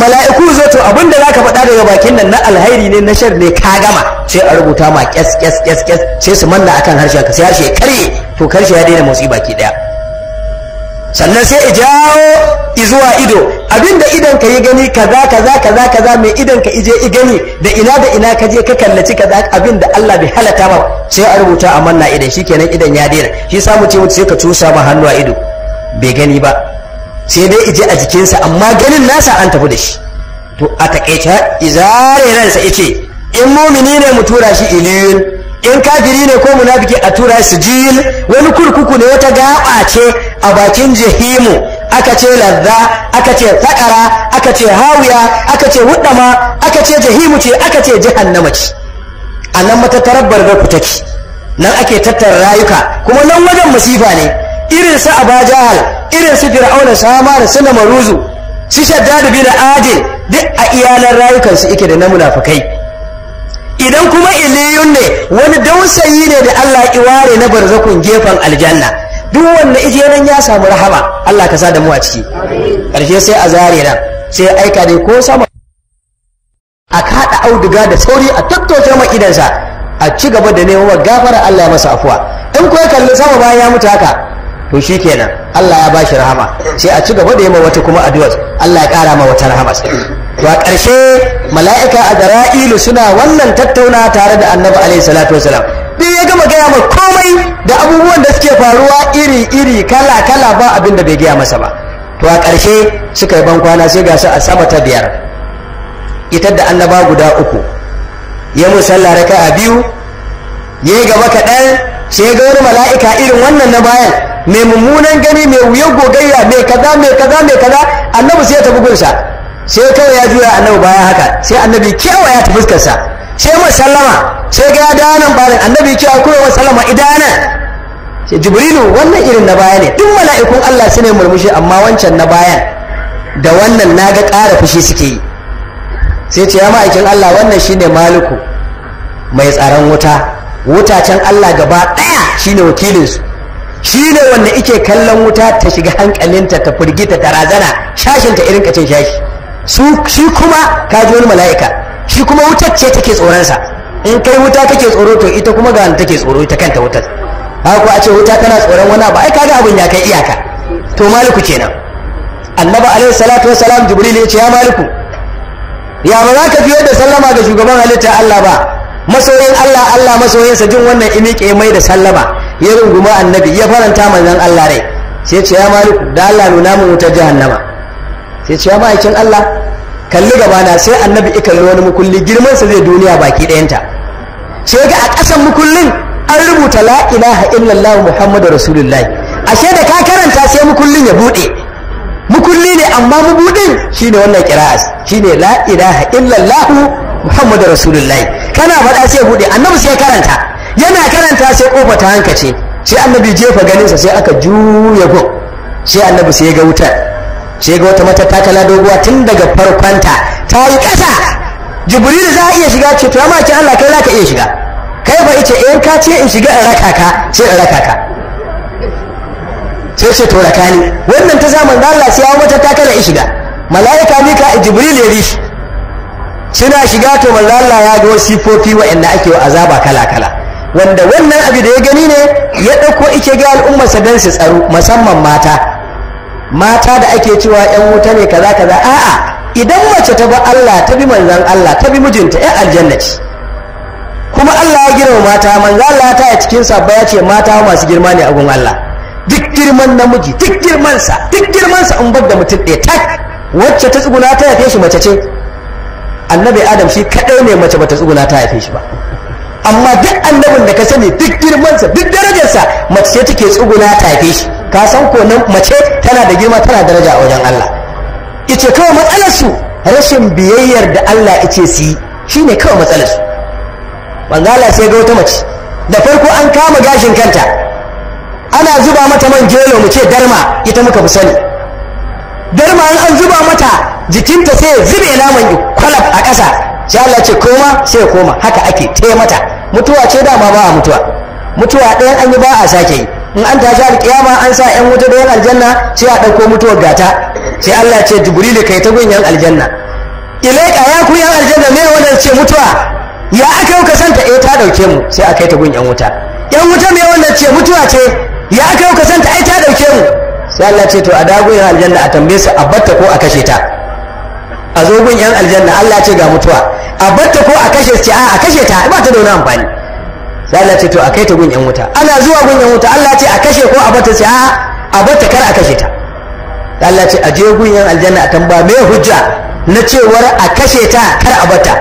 mala'iku zo to abin da zaka faɗa daga bakin nan na alhairi ne na shar ne ka gama sai a rubuta ma kes kes kes kes sai su manna akan harshen ka sai harshe karye to karshe ya daina motsi baki daya sannan sai ya jawo zuwa ido abinda idan ka yi gani kaza kaza kaza kaza mai idan ka ije i gani da ina da ina ka je ka kallaci kaza abinda Allah bai halata ba sai a rubuta a manna idan shikenan idan ya daina shi samu ce mutu sai ka cusa ma hannu a ido bai gani ba sai dai ije a jikinsa amma ganin nasa an tafi da shi to a takaice izare ransa yace in mumini ne mu tura shi ilil in kafiri ne ko munafiki a tura su jil wani kurkuku ne wata gaba ce a bakin jahimu aka ce ladda aka ce fakara aka ce hawiya aka ce wuddama aka ce jahimu ce aka ce jahannama ce a nan matattarar barbar ku take nan ake tattara rayuka kuma nan wajen masifa ne irin su aba jahal irin su fir'auna sama da na maruzu su shaddadu bi da adil duk a iyalan rayukansu ike da na munafukai idan kuma iliyun ne wani dausayi ne da Allah iware na barzakun gefen aljanna duk wanda ije nan ya samu rahama Allah ka sa da mu a ciki karshe sai a zare nan sai aika dai ko sama a kaɗa auduga da sauri a tattoshe ma a ci gaba da neman gafara Allah ya masa afuwa in ko ya kalli sama bayan ya mutu haka to shi kenan Allah ya ba shi rahama sai a ci gaba da yi wata kuma addu'a Allah ya ƙara ma wata rahama to a ƙarshe mala'ika a gara'ilu suna wannan tattauna tare da annabi alaihi salatu wasalam duk ya gama gaya ma komai da abubuwan da suke faruwa iri iri kala kala ba abin da bai gaya masa ba to a ƙarshe suka yi kwana sai ga su a sama ta biyar ita da annaba guda uku ya musalla raka a biyu ya yi gaba kaɗan sai ga wani mala'ika irin wannan na bayan mai mummunan gani mai wuyar gogayya mai kaza mai kaza mai kaza annabi sai ya tafi gunsa sai kawai ya juya annabi bayan haka sai annabi kewa ya tafi fuskarsa sai mai sallama sai ga ya dawo nan bayan annabi kewa kuma mai sallama idana sai jibrilu wannan irin na baya ne duk mala'ikun Allah su ne murmushi amma wancan na bayan da wannan naga ƙara fushi suke yi sai ce ya ma'aikin Allah wannan shine maliku mai tsaron wuta wutacen Allah gaba ɗaya shine wakilinsu shi ne wanda ike kallon wuta ta shiga hankalinta ta firgita ta razana shashinta irin kacin shashi shi kuma ka ji wani mala'ika shi kuma wutar ce take tsoronsa in kai wuta kake tsoro to ita kuma ga take tsoro ita kanta wutar haka a ce wuta tana tsoron wani abu ai kaga abin ya kai iyaka to maliku kenan annabi alaihi salatu wassalam jibril ya ce ya maliku ya ba za ka fiye da sallama ga shugaban halitta Allah ba masoyin Allah Allah masoyinsa jin wannan imike mai da sallama ya runguma annabi ya faranta manzon Allah rai sai ce ya maliku da Allah nuna mu wutar jahannama sai ce ya ma'aikin Allah kalli gaba na sai annabi ika yi wani mukulli girman sa zai duniya baki ɗayanta sai ga a ƙasan mukullin an rubuta la ilaha illallah muhammadu rasulullahi ashe da ka karanta sai mukullin ya buɗe mukulli ne amma mabudin shine wannan qira'as shine la ilaha illallah muhammadu rasulullahi kana faɗa sai buɗe annabi sai karanta yana karanta sai kofa ta hankace sai annabi jefa ganinsa sai aka juya gun sai annabi sai ga wutar sai ga wata matattakala doguwa tun daga farkonta ta yi ƙasa jibril za a iya shiga ce to amma ki Allah kai za ka iya shiga kai ba ice in ka ce in shiga in raka ka sai in raka ka sai ce to raka ni wannan ta zaman Allah sai ya wata takala in shiga mala'ika mika jibril ya rishi suna shiga to manzo Allah ya ga wasu sifofi wa'anda ake wa azaba kala kala wanda wannan abu da ya gani ne ya ɗauko ike ga al'ummarsa don su tsaro musamman mata mata da ake cewa 'yan wuta ne kaza kaza a'a idan mace ta ba Allah ta bi manzon Allah ta bi mijinta 'yan aljanna kuma Allah ya girma mata manzo Allah ta a cikin sabba ya ce mata masu girma ne a gun Allah duk girman namiji duk sa duk sa in bar da mutum ɗaya tak wacce ta tsuguna ta yafe shi mace ce annabi adam shi kaɗai ne mace bata tsuguna ta haife shi ba amma duk annabin da ka sani duk girmansa duk darajarsa mace ce take tsuguna ta haife shi ka san ko nan mace tana da girma tana daraja a wajen Allah ice kawai matsalar su rashin biyayyar da Allah ice su yi shine kawai matsalar su manzala sai ga wata mace da farko an kama gashin kanta ana zuba mata man jelo mu ce darma ita muka fi sani darma an zuba mata jikinta sai zube naman kwalab a ƙasa sai Allah ce koma sai koma haka ake te mata mutuwa ce dama ba a mutuwa mutuwa ɗayan an yi ba a sake yi in an tashi alƙiyama an sa ƴan wuta da yan aljanna sai a ɗauko mutuwar gata sai Allah ce jibrilu kai ta gun yan aljanna ilaika ya ku yan aljanna ne wanda ce mutuwa ya aka yau ka santa eh ta dauke mu sai a kai ta gun yan wuta yan wuta me wanda ce mutuwa ce ya aka yau ka santa ai ta dauke mu sai Allah ce to a dago aljanna a tambaye su a batta ko a kashe ta a zo gun yan aljanna Allah ce ga mutuwa a batta ko a kashe ce a kashe ta ba ta da wani amfani sai Allah ce to a kai ta gun yan wuta ana zuwa gun yan wuta Allah ce a kashe ko a batta ce a batta kar a kashe ta Sai Allah ce a je gun yan aljanna a tamba me hujja na cewar a kashe ta kar a batta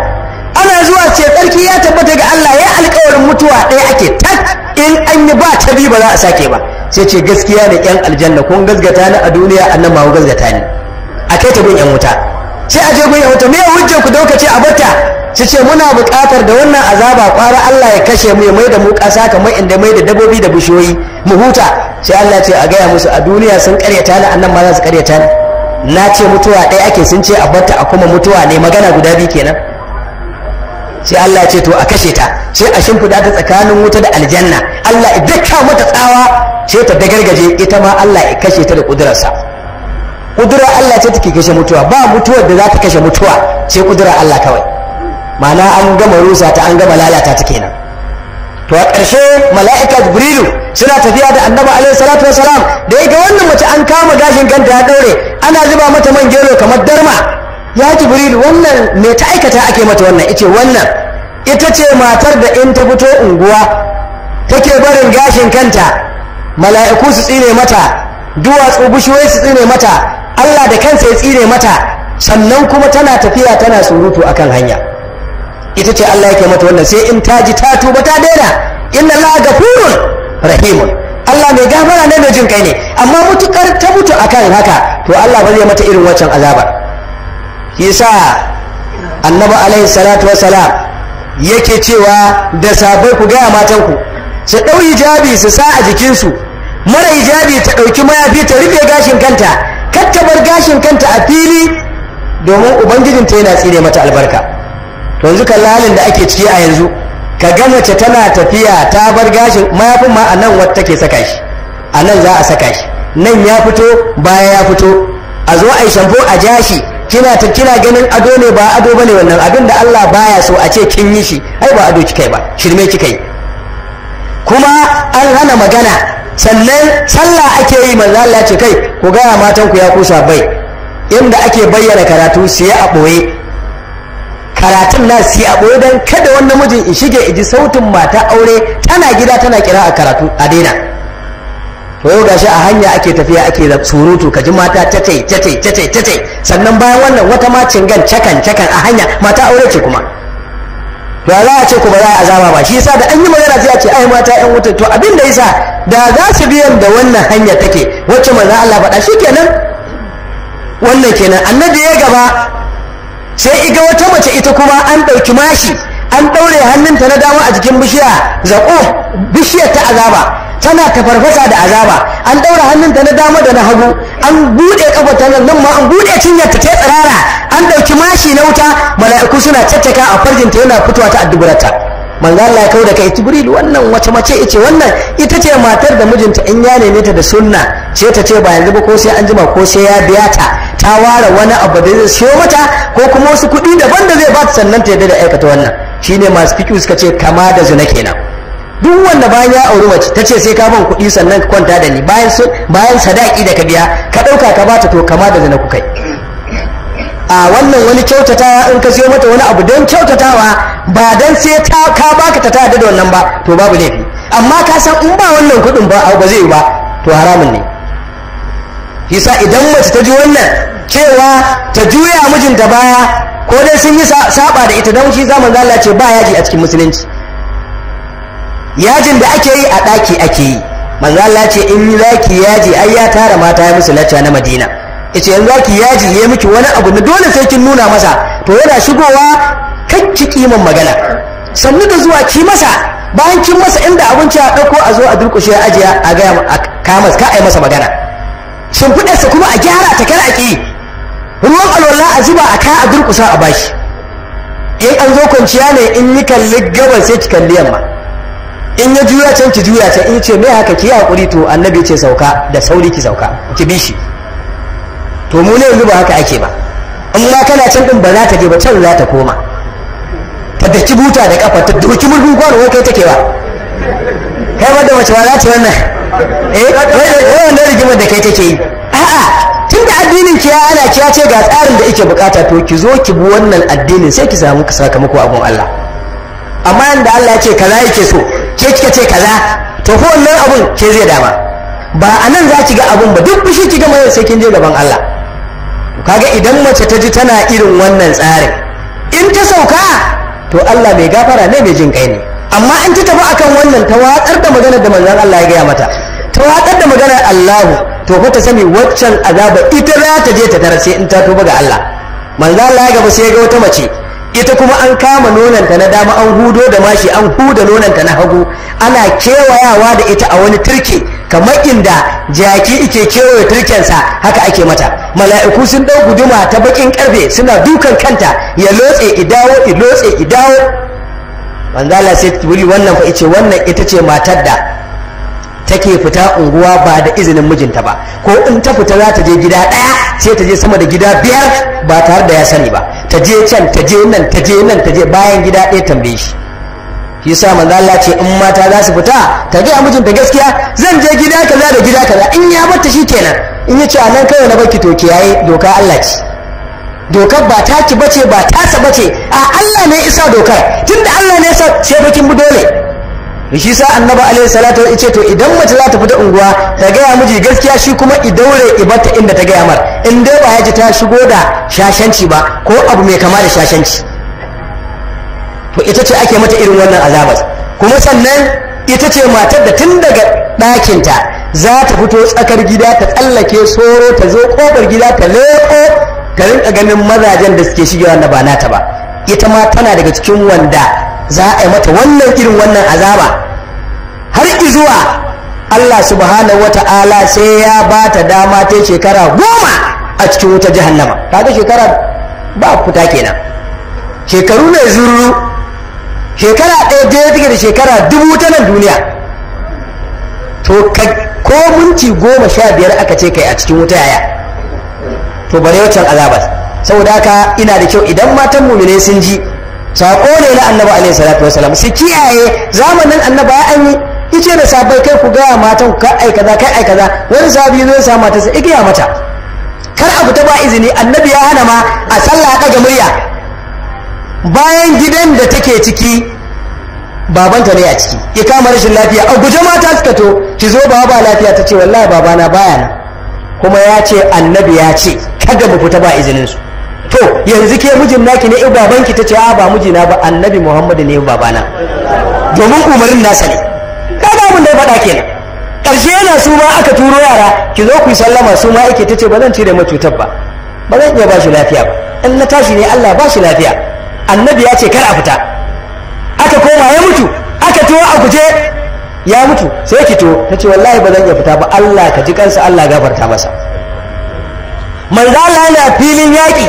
ana zuwa ce tsarki ya tabbata ga Allah ya alƙawarin mutuwa ɗaya ake tak in an yi ba ta bi ba za a sake ba sai ce gaskiya ne yan aljanna kun gazgata ni a duniya annan ma gazgata ni a kai ta gun yan wuta sai a je gun yan wuta me hujje ku dauka ce a bata sai ce muna buƙatar da wannan azaba ƙwara Allah ya kashe mu ya mai da mu ƙasa kamar inda mai da dabobi da bishiyoyi mu huta sai Allah ce a gaya musu a duniya sun ƙaryata ni annan ma za su ƙaryata ni na ce mutuwa ɗaya ake sun ce a bata a kuma mutuwa ne magana guda biyu kenan sai Allah ce to a kashe ta sai a shimfida ta tsakanin wuta da aljanna Allah ya ka mata tsawa sai ta dagargaje ita ma Allah ya kashe ta da kudurarsa kudura Allah ce take kashe mutuwa ba mutuwar da za ta kashe mutuwa sai kudura Allah kawai ma'ana an gama rusa ta an gama lalata ta kenan to a ƙarshe mala'ika jibrilu suna tafiya da annabi alaihi salatu wasalam da ya wannan mace an kama gashin kanta ya daure ana zuba mata man gero kamar darma ya jibrilu wannan me ta aikata ake mata wannan ice wannan ita ce matar da in ta fito unguwa take barin gashin kanta mala'iku su tsine mata duwatsu bishiyoyi su tsine mata Allah da kansa ya tsine mata sannan kuma tana tafiya tana surutu akan hanya ita ce Allah yake mata wannan sai in ta ji ta tuba ta daina inna ga gafurun rahimun Allah mai gafara ne mai jin kai ne amma mutukar ta mutu akan haka to Allah ba zai mata irin waccan azaba yasa annabi alaihi salatu wassalam yake cewa da sabai ku gaya matanku su ɗau hijabi su sa a jikinsu mara hijabi ta ɗauki mayafi ta rufe gashin kanta kar ta bar gashin kanta a fili domin ubangijin ta yana tsire mata albarka to yanzu kan halin da ake ciki a yanzu ka ga mace tana tafiya ta bar gashin mayafin ma a nan wata take saka shi a nan za a saka shi nan ya fito baya ya fito a zo a yi shamfo a shi kina ta kina ganin ado ne ba ado bane wannan abin da Allah baya so a ce kin yi shi ai ba ado kikai ba shirme kikai kuma an hana magana sannan sallah ake yi manzo Allah ce kai ku gaya matan ku ya kusa bai inda ake bayyana karatu su yi a ɓoye karatun na su a ɓoye don kada wani namijin in shige in ji sautin mata aure tana gida tana kira a karatu a daina to yau gashi a hanya ake tafiya ake surutu ka ji mata tace tace tace tace sannan bayan wannan wata ma cingan cakan cakan a hanya mata aure ce kuma ba za a ce ku ba za a azaba ba shi yasa da an yi magana sai a ce ai mata yan wuta to abin da yasa da za su biyan da wannan hanya take wacce manzo Allah faɗa kenan wannan kenan annabi ya gaba sai iga wata mace ita kuma an ɗauki mashi an ɗaure hannunta na dama a jikin bishiya zaƙo bishiyar ta azaba tana tafarfasa da azaba an ɗaura hannunta na dama da na hagu an buɗe ƙafarta nan nan ma an buɗe cinyarta ta tsirara an ɗauki mashi na wuta mala'iku suna caccaka a farjinta yana fitowa ta addubarta manzo Allah ya kawo da kai Jibril wannan wata mace ce wannan ita ce matar da mijinta in ya neme ta da sunna ce ta ce ba yanzu ba ko sai an jima ko sai ya biya ta ta ware wani abu da zai siyo mata ko kuma wasu kuɗi daban da zai ba ta sannan ta yadda da aikata wannan shine masu fiki suka ce kama da zina kenan duk wanda bayan ya auri mace ta ce sai ka ban kuɗi sannan ka kwanta da ni bayan bayan sadaki da ka biya ka ɗauka ka bata to kama da zina ku kai a wannan wani kyautatawa in ka siyo mata wani abu don kyautatawa ba don sai ta ka baka ta tada da wannan ba to babu laifi amma ka san in ba wannan kuɗin ba ba zai ba to haramun ne yasa idan mace ta ji wannan cewa ta juya mijinta baya ko dai sun yi saba da ita don shi zaman Allah ce ba yaji a cikin musulunci yajin da ake yi a ɗaki ake yi manzo Allah ce in zaki yaji ai ya tara mata ya musu lacca na Madina yace yanzu ki yaji ya miki wani abu ne dole sai kin nuna masa to yana shigowa kakki kiman magana sannu da zuwa ki masa bayan kin masa inda abinci a ɗauko a zo a durƙushe a ajiya a gaya a kamas ka ai masa magana shimfiɗarsa kuma a gyara ta kar a ƙi ruwan alwala a zuba a ka a durƙusa a bashi in an zo kwanciya ne in yi kalli gabas sai ki kalli yamma in ya juya can ki juya can in ce mai haka ki hakuri to annabi ce sauka da sauri ki sauka ki bi shi to mu ne yanzu ba haka ake ba in ma kana can din ba za ta je ba can za ta koma ta daki buta da kafa ta doki murfin kwano wai kai take ba kai ba da mace ba za ta wannan eh wai wannan rigimar da kai take yi a'a tun da addinin ki ya ana ki ya ce ga tsarin da ike bukata to ki zo ki bi wannan addinin sai ki samu sakamako a gun Allah amma yanda Allah ya ce kaza yake so ke kika ce kaza to ko wannan abun ke zai dama ba anan nan za ki ga abun ba duk fushi ki gama sai kin je gaban Allah kaga idan mace ta ji tana irin wannan tsarin in ta sauka to Allah mai gafara ne mai jin kai ne amma in ta tafi akan wannan ta watsar da maganar da manzon Allah ya gaya mata ta watsar da maganar Allahu to fa ta sani waccan azaba ita za ta je ta tarar sai in ta tuba ga Allah manzon Allah ya gaba sai ya ga wata mace ita kuma an kama nonanta na dama an hudo da mashi an huda nonanta na hagu ana kewayawa da ita a wani turke kamar inda jaki ike kewaye turkensa haka ake mata mala'iku sun ɗau guduma ta bakin karfe suna dukan kanta ya lotse dawo i lotse idawo manzala sai wuri wannan fa ice wannan ita ce matar da take fita unguwa ba da izinin mijinta ba ko in ta fita za ta je gida daya sai ta je sama da gida biyar ba tare da ya sani ba ta je can ta je nan ta je nan ta je bayan gida ɗaya tambaye shi shi sa manzo Allah ce in mata za su fita ta ga mijinta gaskiya zan je gida kaza da gida kaza in ya bata kenan in ya ce a nan kawai na barki to yayi doka Allah ce dokar ba taki bace ba tasa bace a Allah ne isa dokar tunda Allah ne sa sai bakin bu dole shi sa annaba alaihi salatu ya ce to idan mace za ta fita unguwa ta gaya miji gaskiya shi kuma i daure i bata inda ta gaya mar in dai ba ya ji ta shigo da shashanci ba ko abu mai kama da shashanci to ita ce ake mata irin wannan azaba kuma sannan ita ce matar da tun daga ɗakinta za ta fito tsakar gida ta tsallake soro ta zo kofar gida ta leƙo ta rinka ganin mazajen da suke shigewa na ba nata ba ita ma tana daga cikin wanda za a yi mata wannan irin wannan azaba har izuwa Allah subhanahu wata'ala sai ya ba ta dama ta shekara goma a cikin wuta jahannama kaga shekara ba fita kenan shekaru mai zurru shekara ɗaya ɗaya take da shekara dubu ta nan duniya to ko minti goma sha biyar aka ce kai a cikin wuta yaya to bare wancan azabar saboda haka ina da kyau idan matan mu ne sun ji sako ne na annabi alaihi salatu wasalam su kiyaye zamanin annaba ya an yi yace da sabai kai ku gaya matan ka ai kaza kai ai kaza wani sabi zo ya sa mata sai ya mata kar abu ta ba izini annabi ya hana ma a sallah ga murya bayan gidan da take ciki babanta ne a ciki ya kama rashin lafiya a guje mata suka to ki zo ba ba lafiya ta ce wallahi babana baya nan kuma ya ce annabi ya ce kada mu fita ba izinin su to yanzu ke mijin naki ne in babanki ta ce a ba mijina ba annabi muhammadu ne babana domin umarin nasa ne kaga abin da ya faɗa kenan ƙarshe yana su ma aka turo yara ki zo ku yi sallama su ma yake ta ce ba zan cire da macutar ba ba zan iya ba shi lafiya ba in na tashi ne allah ba shi lafiya annabi ya ce kar a fita aka koma ya mutu aka tuwo a guje ya mutu sai ki tuwo ta ce wallahi ba zan iya fita ba allah ka ji kansa allah gafarta masa manzo allah yana filin yaƙi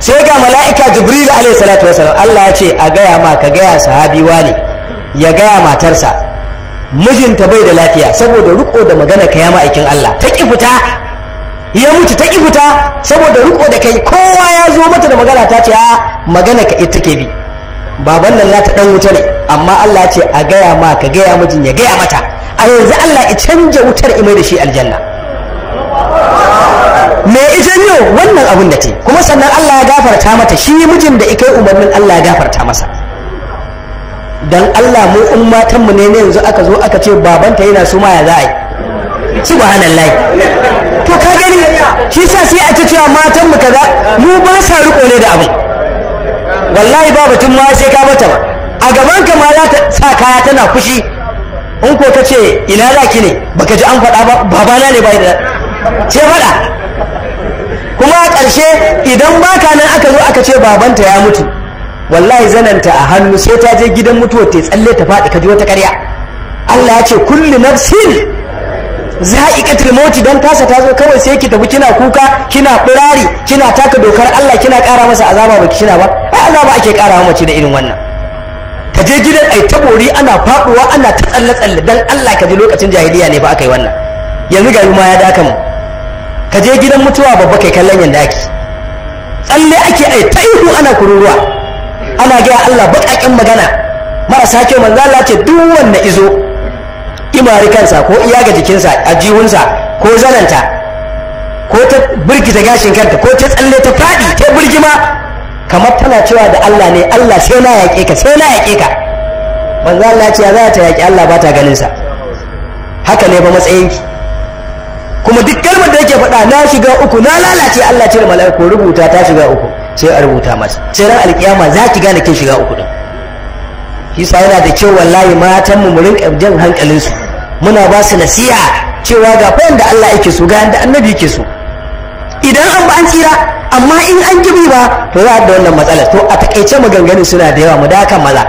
sai ga mala'ika jibril alaihi salatu wasalam Allah ya ce a gaya ma ka gaya sahabi wani ya gaya matarsa mijinta bai da lafiya saboda riko da magana ka ya ma'aikin Allah ta ki fita ya mutu ta ki fita saboda riko da kai kowa ya zo mata da magana ta ce a magana ka ita ke bi baban nan ta dan wuta ne amma Allah ya ce a gaya ma ka gaya mijin ya gaya mata a yanzu Allah ya canja wutar imai da shi aljanna me yau wannan abin da ta kuma sannan Allah ya gafarta mata shi mijin da ikai umarnin Allah ya gafarta masa dan Allah mu in matan mu ne ne yanzu aka zo aka ce babanta yana su ma ya za a yi subhanallahi to ka gani shi sa sai a ta cewa matan mu kaza mu ba sa riko ne da abin wallahi ba batun ma sai ka bata ba a gaban ka ma za ta sa kaya tana fushi in ko ka ce ina za ki ne baka ji an faɗa ba babana ne ba ce faɗa kuma a ƙarshe idan baka nan aka zo aka ce babanta ya mutu wallahi zananta a hannu sai ta je gidan mutuwa ta tsalle ta faɗi ka ji wata ƙarya Allah ya ce kullu nafsin za'iqatul mauti dan tasa ta zo kawai sai ki tafi kina kuka kina burari kina taka dokar Allah kina ƙara masa azaba baki kina ba ai azaba ake ƙara mace da irin wannan ka je gidan ai tabori ana faduwa ana ta tsalle tsalle dan Allah ka ji lokacin jahiliya ne ba aka yi wannan yanzu gayuma ma ya daka mu ka je gidan mutuwa babba kai kallon yin ake tsalle ake ai ta ihu ana kururuwa ana gaya Allah baƙaƙen magana marasa kyau manzo Allah ce duk wanda izo imari kansa ko iya ga jikinsa a jihunsa ko zananta ko ta birgita gashin kanta ko ta tsalle ta faɗi ta ma. kamar tana cewa da Allah ne Allah sai na yaƙe ka sai na yaƙe ka manzo Allah ce za ta yaƙi Allah ba ta ganin sa haka ne ba matsayinki kuma duk kalmar da yake faɗa na shiga uku na lalace Allah ce da mala'iku rubuta ta shiga uku sai a rubuta masa sai ran alkiyama za ki gane kin shiga uku din shi yana da kyau wallahi matan mu mu rinka jan hankalin su muna ba su nasiha cewa ga fa da Allah yake su, ga yanda annabi yake so idan an ba an tsira amma in an gibi ba to za a da wannan matsalar to a takaice maganganun suna da yawa mu da kan maza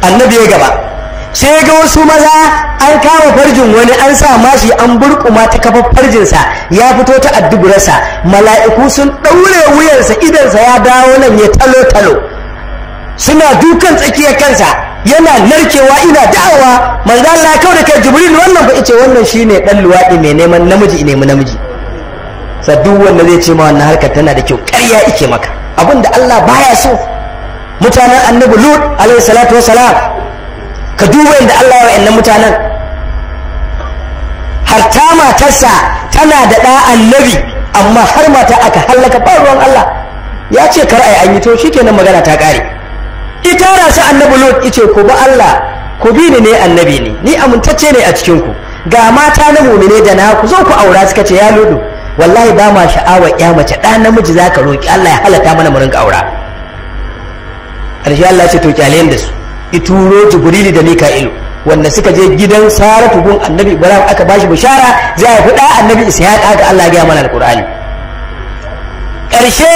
annabi ya gaba sai ga wasu maza an kama farjin wani an sa mashi an burkuma ta kafa farjinsa ya fito ta adduburarsa mala'iku sun ɗaure wuyarsa idansa ya dawo nan ya talo-talo suna dukan tsakiyar kansa yana narkewa ina da'awa manzo Allah ya kai Jibril wannan ba ice wannan shine dan luwadi mai neman namiji mu namiji sa wanda zai ce ma wannan harkar tana da kyau ƙarya ike maka abinda Allah baya so mutanen annabi lut alaihi salatu wasalam ka duba yadda Allah ya wa'annan mutanen har ta matarsa tana da ɗa annabi amma har mata aka hallaka ba ruwan Allah ya ce kar ai an yi to shikenan magana ta kare ita rasu annabi lot ice ku ba Allah ku bi ni ne annabi ne ni amintacce ne a cikin ku ga mata na mumine da na ku zo ku aura suka ce ya lodo wallahi ba ma sha'awar ya mace ɗa namiji za ka roƙi Allah ya halatta mana mu rinka aura ƙarshe Allah ce to kyalen da su ituro jibrilu da mika'ilu wanda suka je gidan saratu gun annabi ibrahim aka bashi bishara za a da annabi ya ga allah ya mana alqur'ani ƙarshe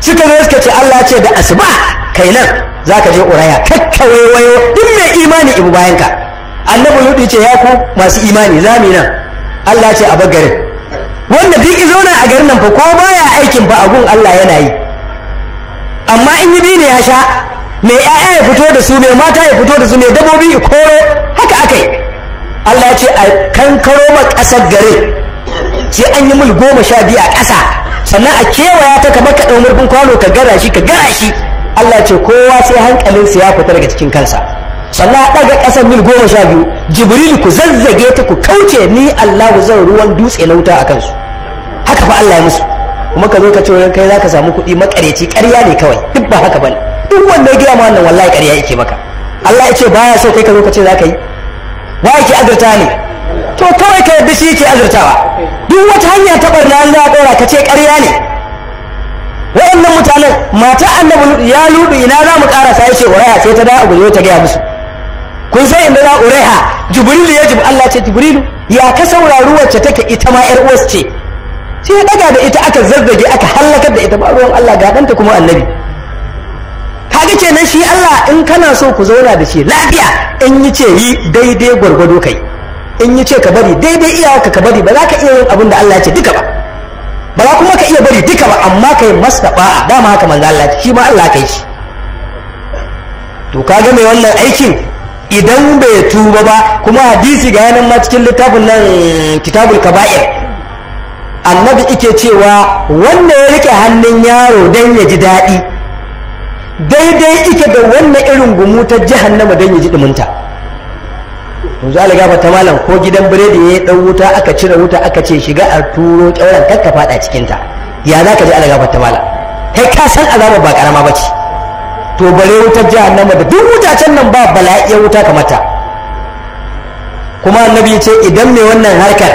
suka zo suka ce allah ce da asuba kai nan je uraya wayo duk mai imani ibu bayanka annabi ya ce ya ku masu imani za mu nan allah ce a bagarin wanda duk zauna a garin nan fa ko baya aikin ba a gun allah yana yi amma in yi ne ya sha mai 'ya'ya ya fito da su mai mata ya fito da su mai dabobi ya koro haka yi. Allah ya ce a kankaro ma ƙasar gare sai an yi mul goma sha biyu a ƙasa sannan a kewaya ta kamar ka ɗau murfin kwano ka gara shi ka gara shi Allah ce kowa sai hankalinsa ya fita daga cikin kansa sannan a ɗaga ƙasar mil goma sha biyu jibril ku zazzage ta ku kauce ni Allah zan ruwan dutse na wuta a kansu haka fa Allah ya musu kuma ka zo ka ce wani kai za ka samu kuɗi makareci ƙarya ne kawai duk ba haka bane duk wanda ya gaya ma wannan wallahi ƙarya yake maka Allah ya ce baya so kai ka zo ka ce za ka yi ba yake azurta ne to kawai ka yadda shi yake azurtawa duk wata hanya ta barna Allah ya ɗora ka ce ƙarya ne waɗannan mutanen mata annabi ya lubi ina za mu ƙara ya ce uraiha sai ta da a guje ta gaya musu kun san inda za uraiha jibrilu ya jibu Allah ce jibrilu ya ka saurari wacce take ita ma ƴar uwas ce sai ya daga da ita aka zazzage aka hallakar da ita ba ruwan Allah ga ɗanta kuma annabi kaga kenan shi Allah in kana so ku zauna da shi lafiya in yi ce yi daidai gwargwado kai in yi ce ka bari daidai iyawarka ka bari ba za ka iya yin abin da Allah ya ce duka ba ba za kuma ka iya bari duka ba amma kai masta Da dama haka manzo Allah shi ma Allah kai shi to kaga mai wannan aikin idan bai tuba ba kuma hadisi ga yanan ma cikin littafin nan kitabul kaba'ir annabi ike cewa wanda ya rike hannun yaro dan ya ji daɗi daidai ike da wannan irin gumu ta jahannama don ya ji ɗuminta yanzu ala ba ta malam ko gidan biredi ya ɗan wuta aka cire wuta aka ce shiga a turo ƙyauran kakka faɗa cikinta ya za ka ji ala ba ta malam kai ka san azabar ba ƙarama ba ce to bare wutar jahannama da duk can nan ba bala'iyar wuta ta? kuma annabi ya ce idan mai wannan harkar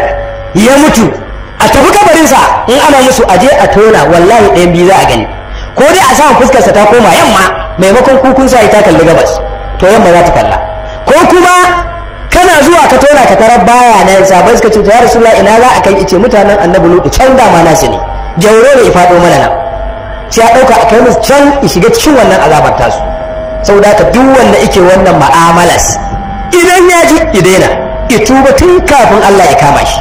ya mutu a tafi kabarinsa in ana musu je a tona wallahi ɗayan biyu za a gani ko dai a saman fuskarsa ta koma yamma maimakon kukun sa ta kalli gabas to yamma za ta kalla ko kuma kana zuwa ka tona ka tarar baya na sabai suka ce ya rasulullahi ina za a kai ice mutanen annabi lutu can dama nasu ne jauro ne ya faɗo mana nan sai ya ɗauka a kai musu can ya shiga cikin wannan azabar tasu saboda ka duk wanda ike wannan ma'amalas idan ya ji ya daina ya tuba tun kafin Allah ya kama shi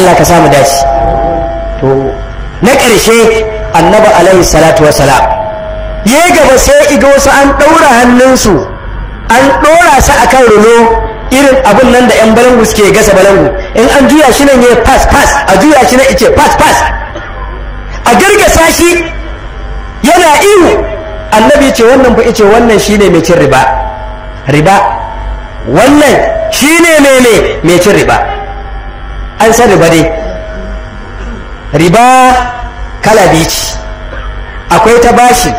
Allah ka samu dace to na ƙarshe Annaba alaihi salatu wa salam ya gaba sai iga wasu an ɗaura hannunsu an ɗora su akan rulo irin abun nan da yan balangu suke gasa balangu in an juya shi nan ya pass pass a juya shi nan ce pass pass a girgasa shi yana ihu annabi ce wannan ba ice wannan shine mai cin riba riba wannan shine ne mai mai cin riba an san riba dai riba kala biyu ce akwai ta bashi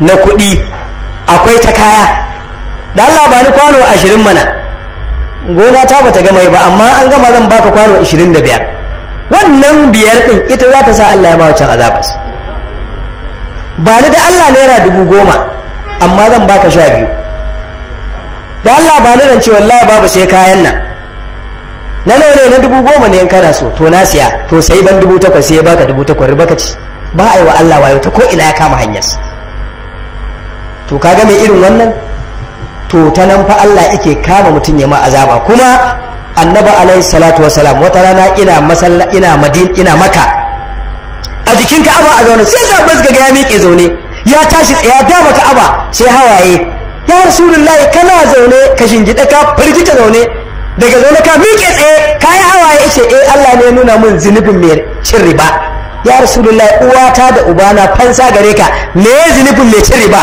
na kuɗi akwai ta kaya da Allah ba ni kwano ashirin mana gona ta bata gama ba amma an gama zan baka kwano ashirin da biyar wannan biyar ɗin ita za ta sa Allah ya ma wancan azabas ba ni da Allah naira dubu goma amma zan baka sha biyu da Allah ba ni rance wallahi babu sai kayan nan na nawa ne na dubu goma ne yanka kana so to na siya to sai ban dubu takwas sai ya baka dubu takwas riba ka ci ba a yi wa Allah wayo ta ko ina ya kama hanyar to kaga mai irin wannan to ta nan fa Allah yake kama mutum ya ma azaba kuma annabi alaihi salatu wasalam wata rana ina masalla ina madin ina maka a jikin ka'aba a zaune sai sabbin suka ga ya miƙe zaune ya tashi ya dama ka'aba sai hawaye ya rasulullahi kana zaune ka shingida ka firgita zaune daga zaune ka miƙe tsaye ka yi hawaye ce eh Allah ne ya nuna mun zunubin mai cin riba ya rasulullahi uwata da ubana fansa gare ka me zunubin mai cin riba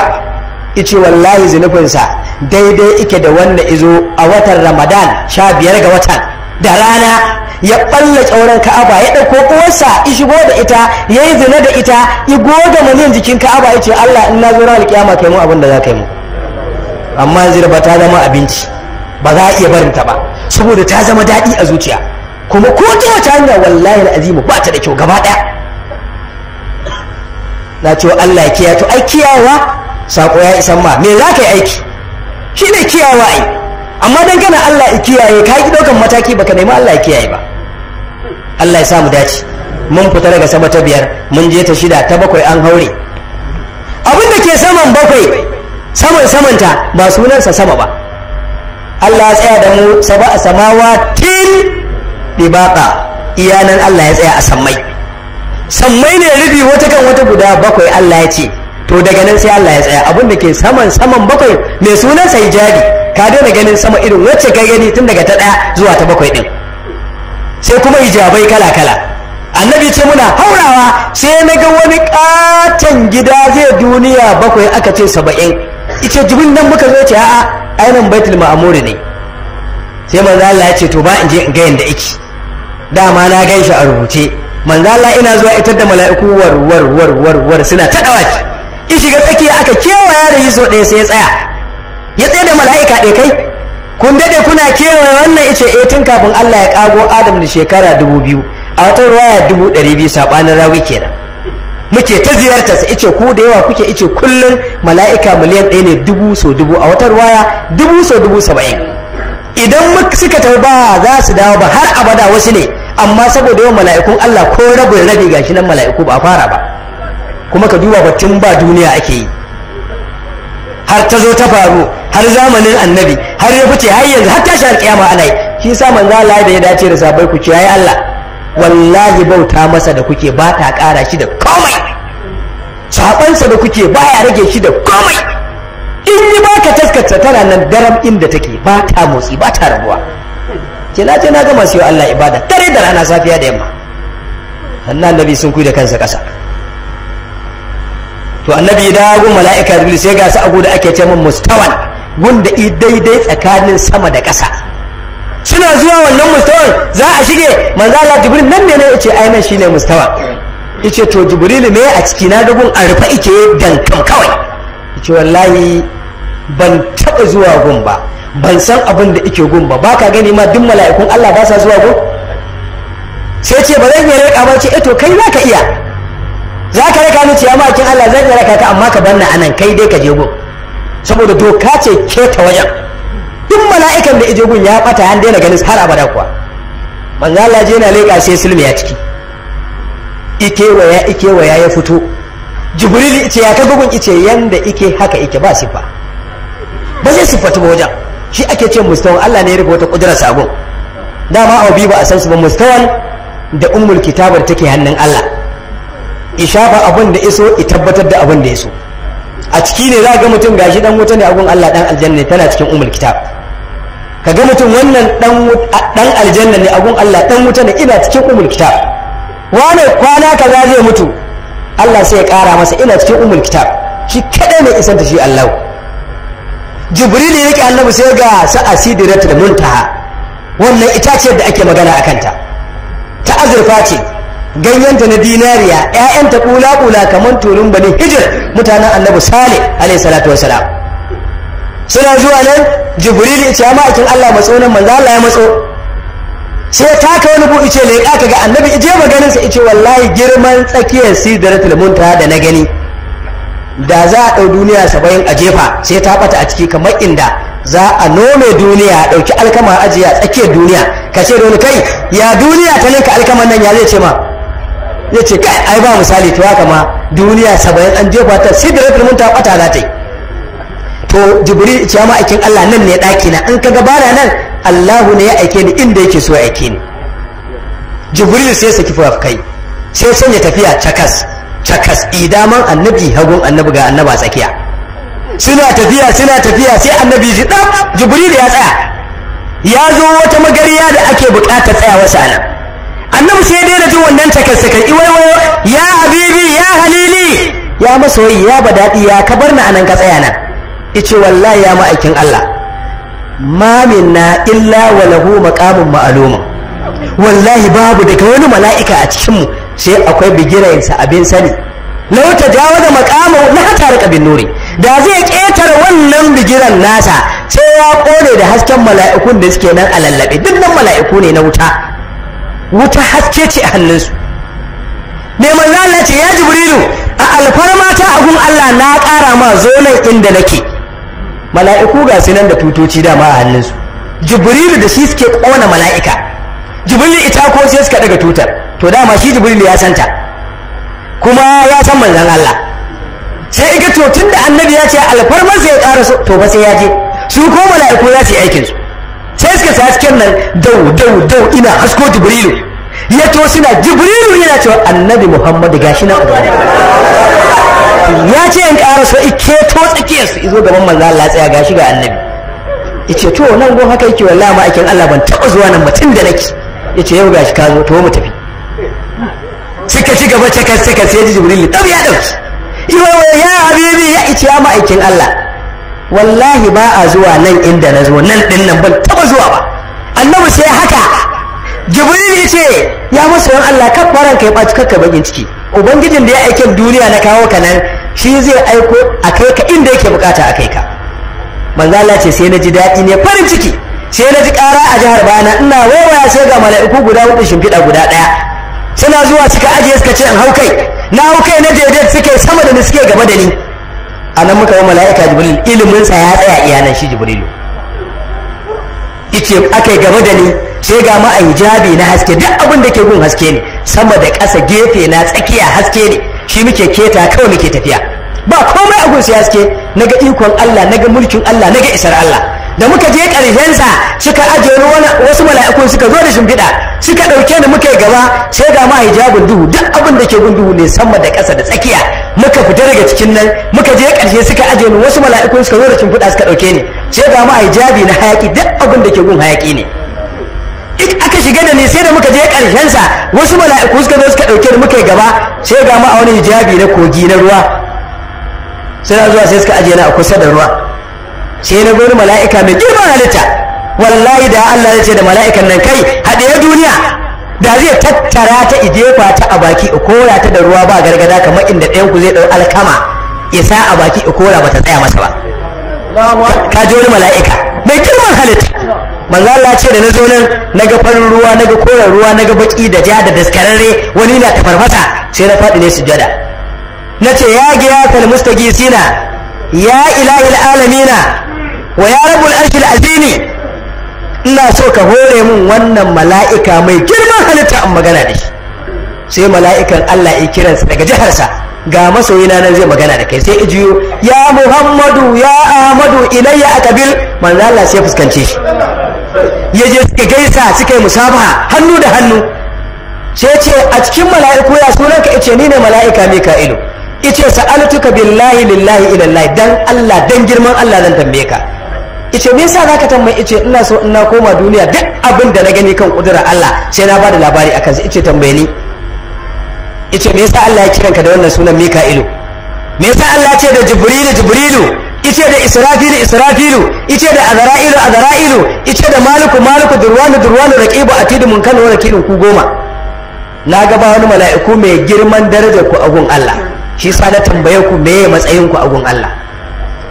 ice wallahi sa daidai ike da wanda izo a watan ramadan sha biyar ga watan da rana ya balla tsauran ka'aba ya ɗauko uwarsa ya shigo da ita ya yi zina da ita ya goga miliyan jikin ka'aba ya ce allah in na zo ran alƙiyama kai mu abin da za ka yi mu amma zirba ba ta zama abinci ba za a iya barinta ba saboda ta zama daɗi a zuciya kuma ko ta wata hanya wallahi azimu ba ta da kyau gaba ɗaya na ce Allah ya kiya to ai kiyawa sako ya isan ma me za ka yi aiki shi ne kiyawa ai amma dan kana Allah ya kiyaye ka yi ɗaukan mataki baka nemi Allah ya kiyaye ba Allah ya samu dace mun fita daga sama ta biyar mun je ta shida ta bakwai an haure abin da ke saman bakwai saman samanta ba sunansa sama ba Allah ya tsaya da mu saba a samawa til dibaka iyanan Allah ya tsaya a sammai sammai ne rubi wata kan wata guda bakwai Allah ya ce to daga nan sai Allah ya tsaya Abun da ke saman saman bakwai mai sunan sai jadi ka daina ganin sama irin wacce ka gani tun daga ta ɗaya zuwa ta bakwai din. sai kuma ijabai kala kala annabi ce muna haurawa sai na ga wani katon gida zai duniya bakwai aka ce saba'in ice jibin nan muka zo ce a'a ainihin baitul ma'amuri ne sai manzo ya ce to ba in je in ga yanda yake dama na gan shi a rubuce manzo Allah ina zuwa ita da mala'iku war war war war war suna ta ki in shiga tsakiya aka kewaya da yiso ɗaya sai ya tsaya ya tsaya da mala'ika ɗaya kai kun dade kuna kewaye wannan ice eh tun kafin Allah ya kago Adam da shekara dubu biyu a wata ruwaya dubu ɗari biyu saɓanin rawi kenan muke ta ziyartar sa ice ku da yawa kuke ice kullum mala'ika miliyan ɗaya ne dubu so dubu a wata ruwaya dubu so dubu saba'in idan suka tafi ba za su dawo ba har abada wasu ne amma saboda yawan mala'ikun Allah ko rabin rabi gashi nan mala'iku ba fara ba kuma ka duba batun ba duniya ake yi har ta zo ta faru har zamanin annabi har ya fice har yanzu har tashi har kiyama ana yi shi sa manzo Allah da ya dace da sabai ku kiyaye Allah wallahi bauta masa da kuke ba ta ƙara shi da komai sabansa da kuke ba ya rage shi da komai in yi ba ka taskata tana nan daram inda take ba ta motsi ba ta rabuwa ce ce na gama siyo Allah ibada tare da rana safiya da yamma sannan annabi sun kuyi da kansa ƙasa to annabi ya dawo mala'ika da sai ga su abu da ake ce min mustawan gunda i daidai tsakanin sama da ƙasa suna zuwa wannan mustawar za a shige manzala jibril nan ne ne yace ainihin shi shine mustawa yace to jibril me a ciki na dubun a rufa ike dankan kawai yace wallahi ban taba zuwa gun ba ban san abin da ike gun ba baka gani ma duk mala'ikun Allah ba sa zuwa gun sai ce ba zan iya raka ba ce eh to kai zaka iya zaka raka ni ce amma kin Allah zan iya raka ka amma ka banna anan kai dai ka je gun saboda doka ce keta wajen duk mala'ikan da gun ya bata an daina ganin har abada kuwa manzo Allah je yana leƙa sai sulmi ya ciki Ike waya ya fito jibril ce ya kaga gun ice yanda ike haka ike ba sifa ba zai sifatu ba wajen shi ake ce mustawan Allah ne ya rubuta wata kudurar sagon dama abu ba a san su ba mustawan da ummul kitabar take hannun Allah ishafa abin da iso i tabbatar da abun da ya so a ciki ne za ga mutum gashi dan wuta ne a gun Allah dan aljanna tana cikin ummul kitab ka ga mutum wannan dan aljanna ne agun Allah dan wuta ne ina cikin umul kitab wane kwana ka kaza zai mutu Allah sai ya kara masa ina cikin umul kitab shi kadai ne isanta shi Allah Jibril ya yake annabi sai ga sa'a sidratul muntaha wannan itace da ake magana akan ta ta azurfa ce ganyenta na dinariya 'ya'yanta kula kula kamar tulun bani hijir mutanen annabi salih alaihi salatu wassalam suna zuwa nan jibril ya ce ya ma'aikin Allah matso nan manzo Allah ya matso sai ta ka wani buɗi ce leƙa ka ga annabi ije maganin sa ice wallahi girman tsakiyar sidratul muntaha da na gani da za a ɗau duniya saba'in a jefa sai ta ɓata a ciki kamar inda za a nome duniya a ɗauki alkama a ajiye a tsakiyar duniya ka ce da wani kai ya duniya ta ninka alkaman nan ya zai ce ma zai ce kai ai ba misali to haka ma duniya saba'in an jefa ta sidratul muntaha ɓata za ta yi to jibri ce ma aikin Allah nan ne daki na in kaga bara nan Allahu ne ya aike ni inda yake so ya aike ni jibril sai saki kai sai sanya tafiya cakas cakas idaman annabi hagun annabi ga annaba tsakiya suna tafiya suna tafiya sai annabi ji ɗan jibril ya tsaya ya zo wata magariya da ake buƙatar tsayawa sa nan annabi sai dai da jin wannan cakas wai wai. ya habibi ya halili ya masoyi ya badadi ya kabar na anan ka tsaya nan yace wallahi ya ma'aikin Allah ma minna illa wa maqamun ma'lumun wallahi babu daga wani mala'ika a cikin mu sai akwai bigirayen abin sani law tajawaza maqamu la riƙa bin nuri da zai ƙetare wannan bigiran nasa sai ya kone da hasken mala'ikun da suke nan a lallabe duk nan mala'iku ne na wuta wuta haske ce a hannunsu mai manzo Allah ce ya jibrilu a alfarma ta agun Allah na ƙara ma zo nan inda nake mala'iku ga su nan da tutoci dama a hannunsu jibrilu da shi suke kona mala'ika jibrilu ita ko sai suka daga tutar to dama shi jibrilu ya san ta, kuma ya san manzon Allah sai iga to tun da annabi ya ce alfarman sai ya ƙara to ba sai ya je su ko mala'iku za su yi aikinsu sai suka sa cikin nan dau dau dau ina hasko jibrilu ya to suna jibrilu yana cewa annabi muhammadu gashi na a ya ce in ƙara so ike to tsakiyar su izo gaban manzo Allah tsaya gashi ga annabi yace to nan gon haka yake wallahi ma aikin Allah ban taba zuwa nan mutum da nake yace yau gashi ka zo to mu tafi suka ci gaba kai suka sai Jibril tab ya dauki iwa ya habibi ya ice ya ma aikin Allah wallahi ba a zuwa nan inda na zo nan din nan ban taba zuwa ba annabi sai haka Jibril yace ya masoyan Allah kafaran kai ba cikakka bakin ciki ubangijin da ya aikin duniya na kawo ka nan shi zai aiko a kai ka inda yake bukata a kai ka manzo ce sai na ji daɗi ne farin ciki sai na ji ƙara a jihar bana ina waiwaya sai ga mala'iku guda hudu shimfiɗa guda ɗaya suna zuwa suka ajiye suka ce in hau kai na hau kai na daidai suke sama da ni suke gaba da ni a nan muka yi mala'ika jibril ilimin sa ya tsaya iyanan shi jibrilu ice akai gaba da ni sai ga ma na haske duk abin da ke gun haske ne sama da ƙasa gefe na tsakiya haske ne shi muke keta kawai muke tafiya ba komai a gunsu haske na ga ikon Allah na ga mulkin Allah na ga isar Allah da muka je ƙarshensa suka aje wani wasu mala'ikun suka zo da shimfiɗa suka ɗauke ni muka gaba sai ga ma hijabun duhu duk abin da ke gun duhu ne sama da ƙasa da tsakiya muka fita daga cikin nan muka je ƙarshe suka aje ni wasu mala'ikun suka zo da shimfiɗa suka ɗauke ni sai ga ma hijabi na hayaƙi duk abin da ke gun hayaƙi ne in aka shiga da ni sai da muka je ƙarshen sa wasu mala'iku suka zo suka ɗauke da muka gaba sai ga mu a wani hijabi na kogi na ruwa suna zuwa sai suka ajiye na a kusa da ruwa sai na gani mala'ika mai girman halitta wallahi da Allah ya ce da mala'ikan nan kai haɗe duniya da zai tattara ta ijefa ta a baki ikora ta da ruwa ba gargada kamar inda ɗayan ku zai ɗau alkama ya sa a baki kora ba ta tsaya masa ba ka ji wani mala'ika mai girman halitta manzo Allah ce da nazo nan naga farin ruwa naga koren ruwa naga baki da ja da daskararre wani na tafarfasa sai na faɗi ne sujada nace ya giyatal mustagisina ya ilahil alamina wa ya rabbul arshil azimi ina so ka hore mun wannan mala'ika mai girman halitta an magana da shi sai mala'ikan Allah ya kiransa daga jiharsa ga masoyina nan zai magana da kai sai ijiyo ya muhammadu ya ahmadu ilayya akabil manzo Allah sai fuskance shi ya je suka gaisa suka yi musabaha hannu da hannu sai ce a cikin mala'iku ya sunanka ka ce ni ne mala'ika mika'ilu ice ce sa'altuka billahi lillahi lillahi dan Allah dan girman Allah zan tambaye ka ice me yasa zaka tambaye ice ina so ina koma duniya duk abin da na gani kan kudura Allah sai na bada labari akan sa ya tambaye ni ice me yasa Allah ya kiranka da wannan sunan mika'ilu me yasa Allah ce da jibrilu jibrilu ice da israfilu israfilu ice da azra'ilu azra'ilu ice da maliku maliku durwanu durwanu raqibu atidu munkanu wa rakidun ku goma na ga ba wani mala'iku mai girman daraja ku a gun Allah shi sa na tambaye ku me matsayin ku a gun Allah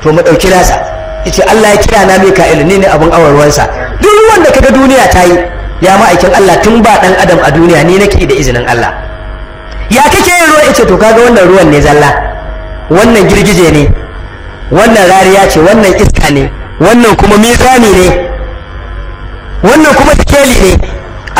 to mu dauki nasa yace Allah ya kira na Mika'il ne ne abun awarwansa duk wanda kaga duniya ta yi ya ma'aikin Allah tun ba dan adam a duniya ni nake da izinin Allah ya kake yin ruwa ice to kaga wannan ruwan ne zalla wannan girgije ne wannan rariya ce wannan iska ne wannan kuma mizani ne wannan kuma sikeli ne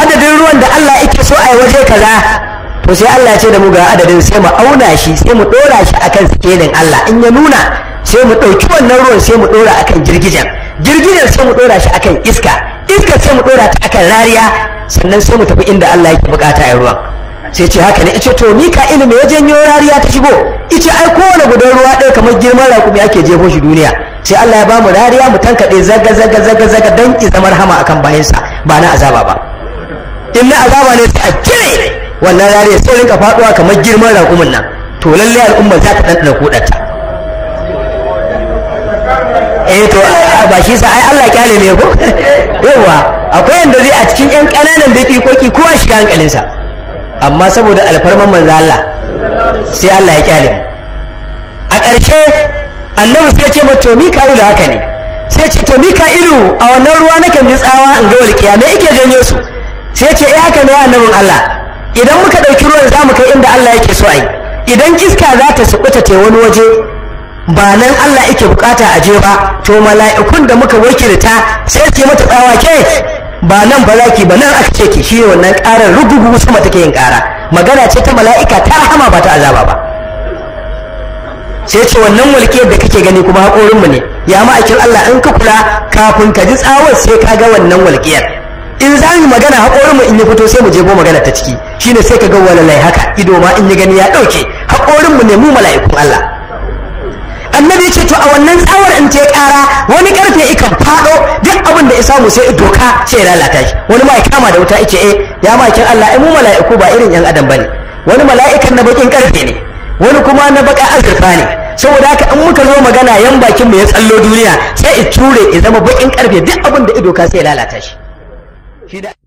adadin ruwan da Allah yake so a waje kaza to sai Allah ce da mu ga adadin sai mu auna shi sai mu dora shi akan tikelin Allah in ya nuna sai mu ɗauki wannan ruwan sai mu dora akan girgijen girgijen sai mu dora shi akan iska iska sai mu dora ta akan rariya sannan sai mu tafi inda Allah yake bukata ya ruwan sai ce haka ne ice to ni ka ilimi ya janyo rariya ta shigo ice ai kowane gudan ruwa ɗaya kamar girman raƙumi ake jefo shi duniya sai Allah ya bamu rariya mu tankaɗe zaga zaga zaga zaga dan ki zama rahama akan bayansa ba na azaba ba in na azaba ne sai a kire wannan rariya sai rinka faɗuwa kamar girman raƙumin nan to lalle al'umma za ta ɗanɗana kuɗanta eh to ba shi sa ai Allah kyale ne ko yawa akwai yanda zai a cikin da ƙananan koki kowa shiga hankalinsa amma saboda alfarman manzo Allah sai Allah ya kyale a ƙarshe annabi sai ce mato da haka ne sai ce to ilu a wannan ruwa nake ji tsawa in ga walƙiya me yake janyo su sai ce eh haka ne annabin Allah idan muka ɗauki ruwan zamu mu kai inda Allah yake so ayi, idan iska za ta subuta te wani waje ba nan Allah yake bukata aje ba to mala'ikun da muka wakilta sai su mata tsawa ke ba nan ba zaki ba nan aka ce ki shi wannan ƙarar rugugu sama take yin ƙara magana ce ta mala'ika ta rahama ba ta azaba ba sai ce wannan walƙiyar da kake gani kuma mu ne ya ma'aikin Allah in ka kula kafin ka ji tsawon sai ka ga wannan walƙiyar in za mu magana mu in ya fito sai mu je go magana ta ciki shine sai ka ga walalai haka ido ma in ya gani ya ɗauke haƙorinmu ne mu mala'ikun Allah annabi yace to a wannan tsawar in ce kara wani karfe ikan fado duk abin da ya samu sai doka ce ya lalata shi wani ma ya kama da wuta yace eh ya makin Allah ai mu mala'iku ba irin yan adam bane wani mala'ikan na bakin karfe ne wani kuma na baka azurfa ne saboda haka in muka zo magana yan bakin mu ya tsallo duniya sai i ture i zama bakin karfe duk abin da ido ka sai ya lalata shi shi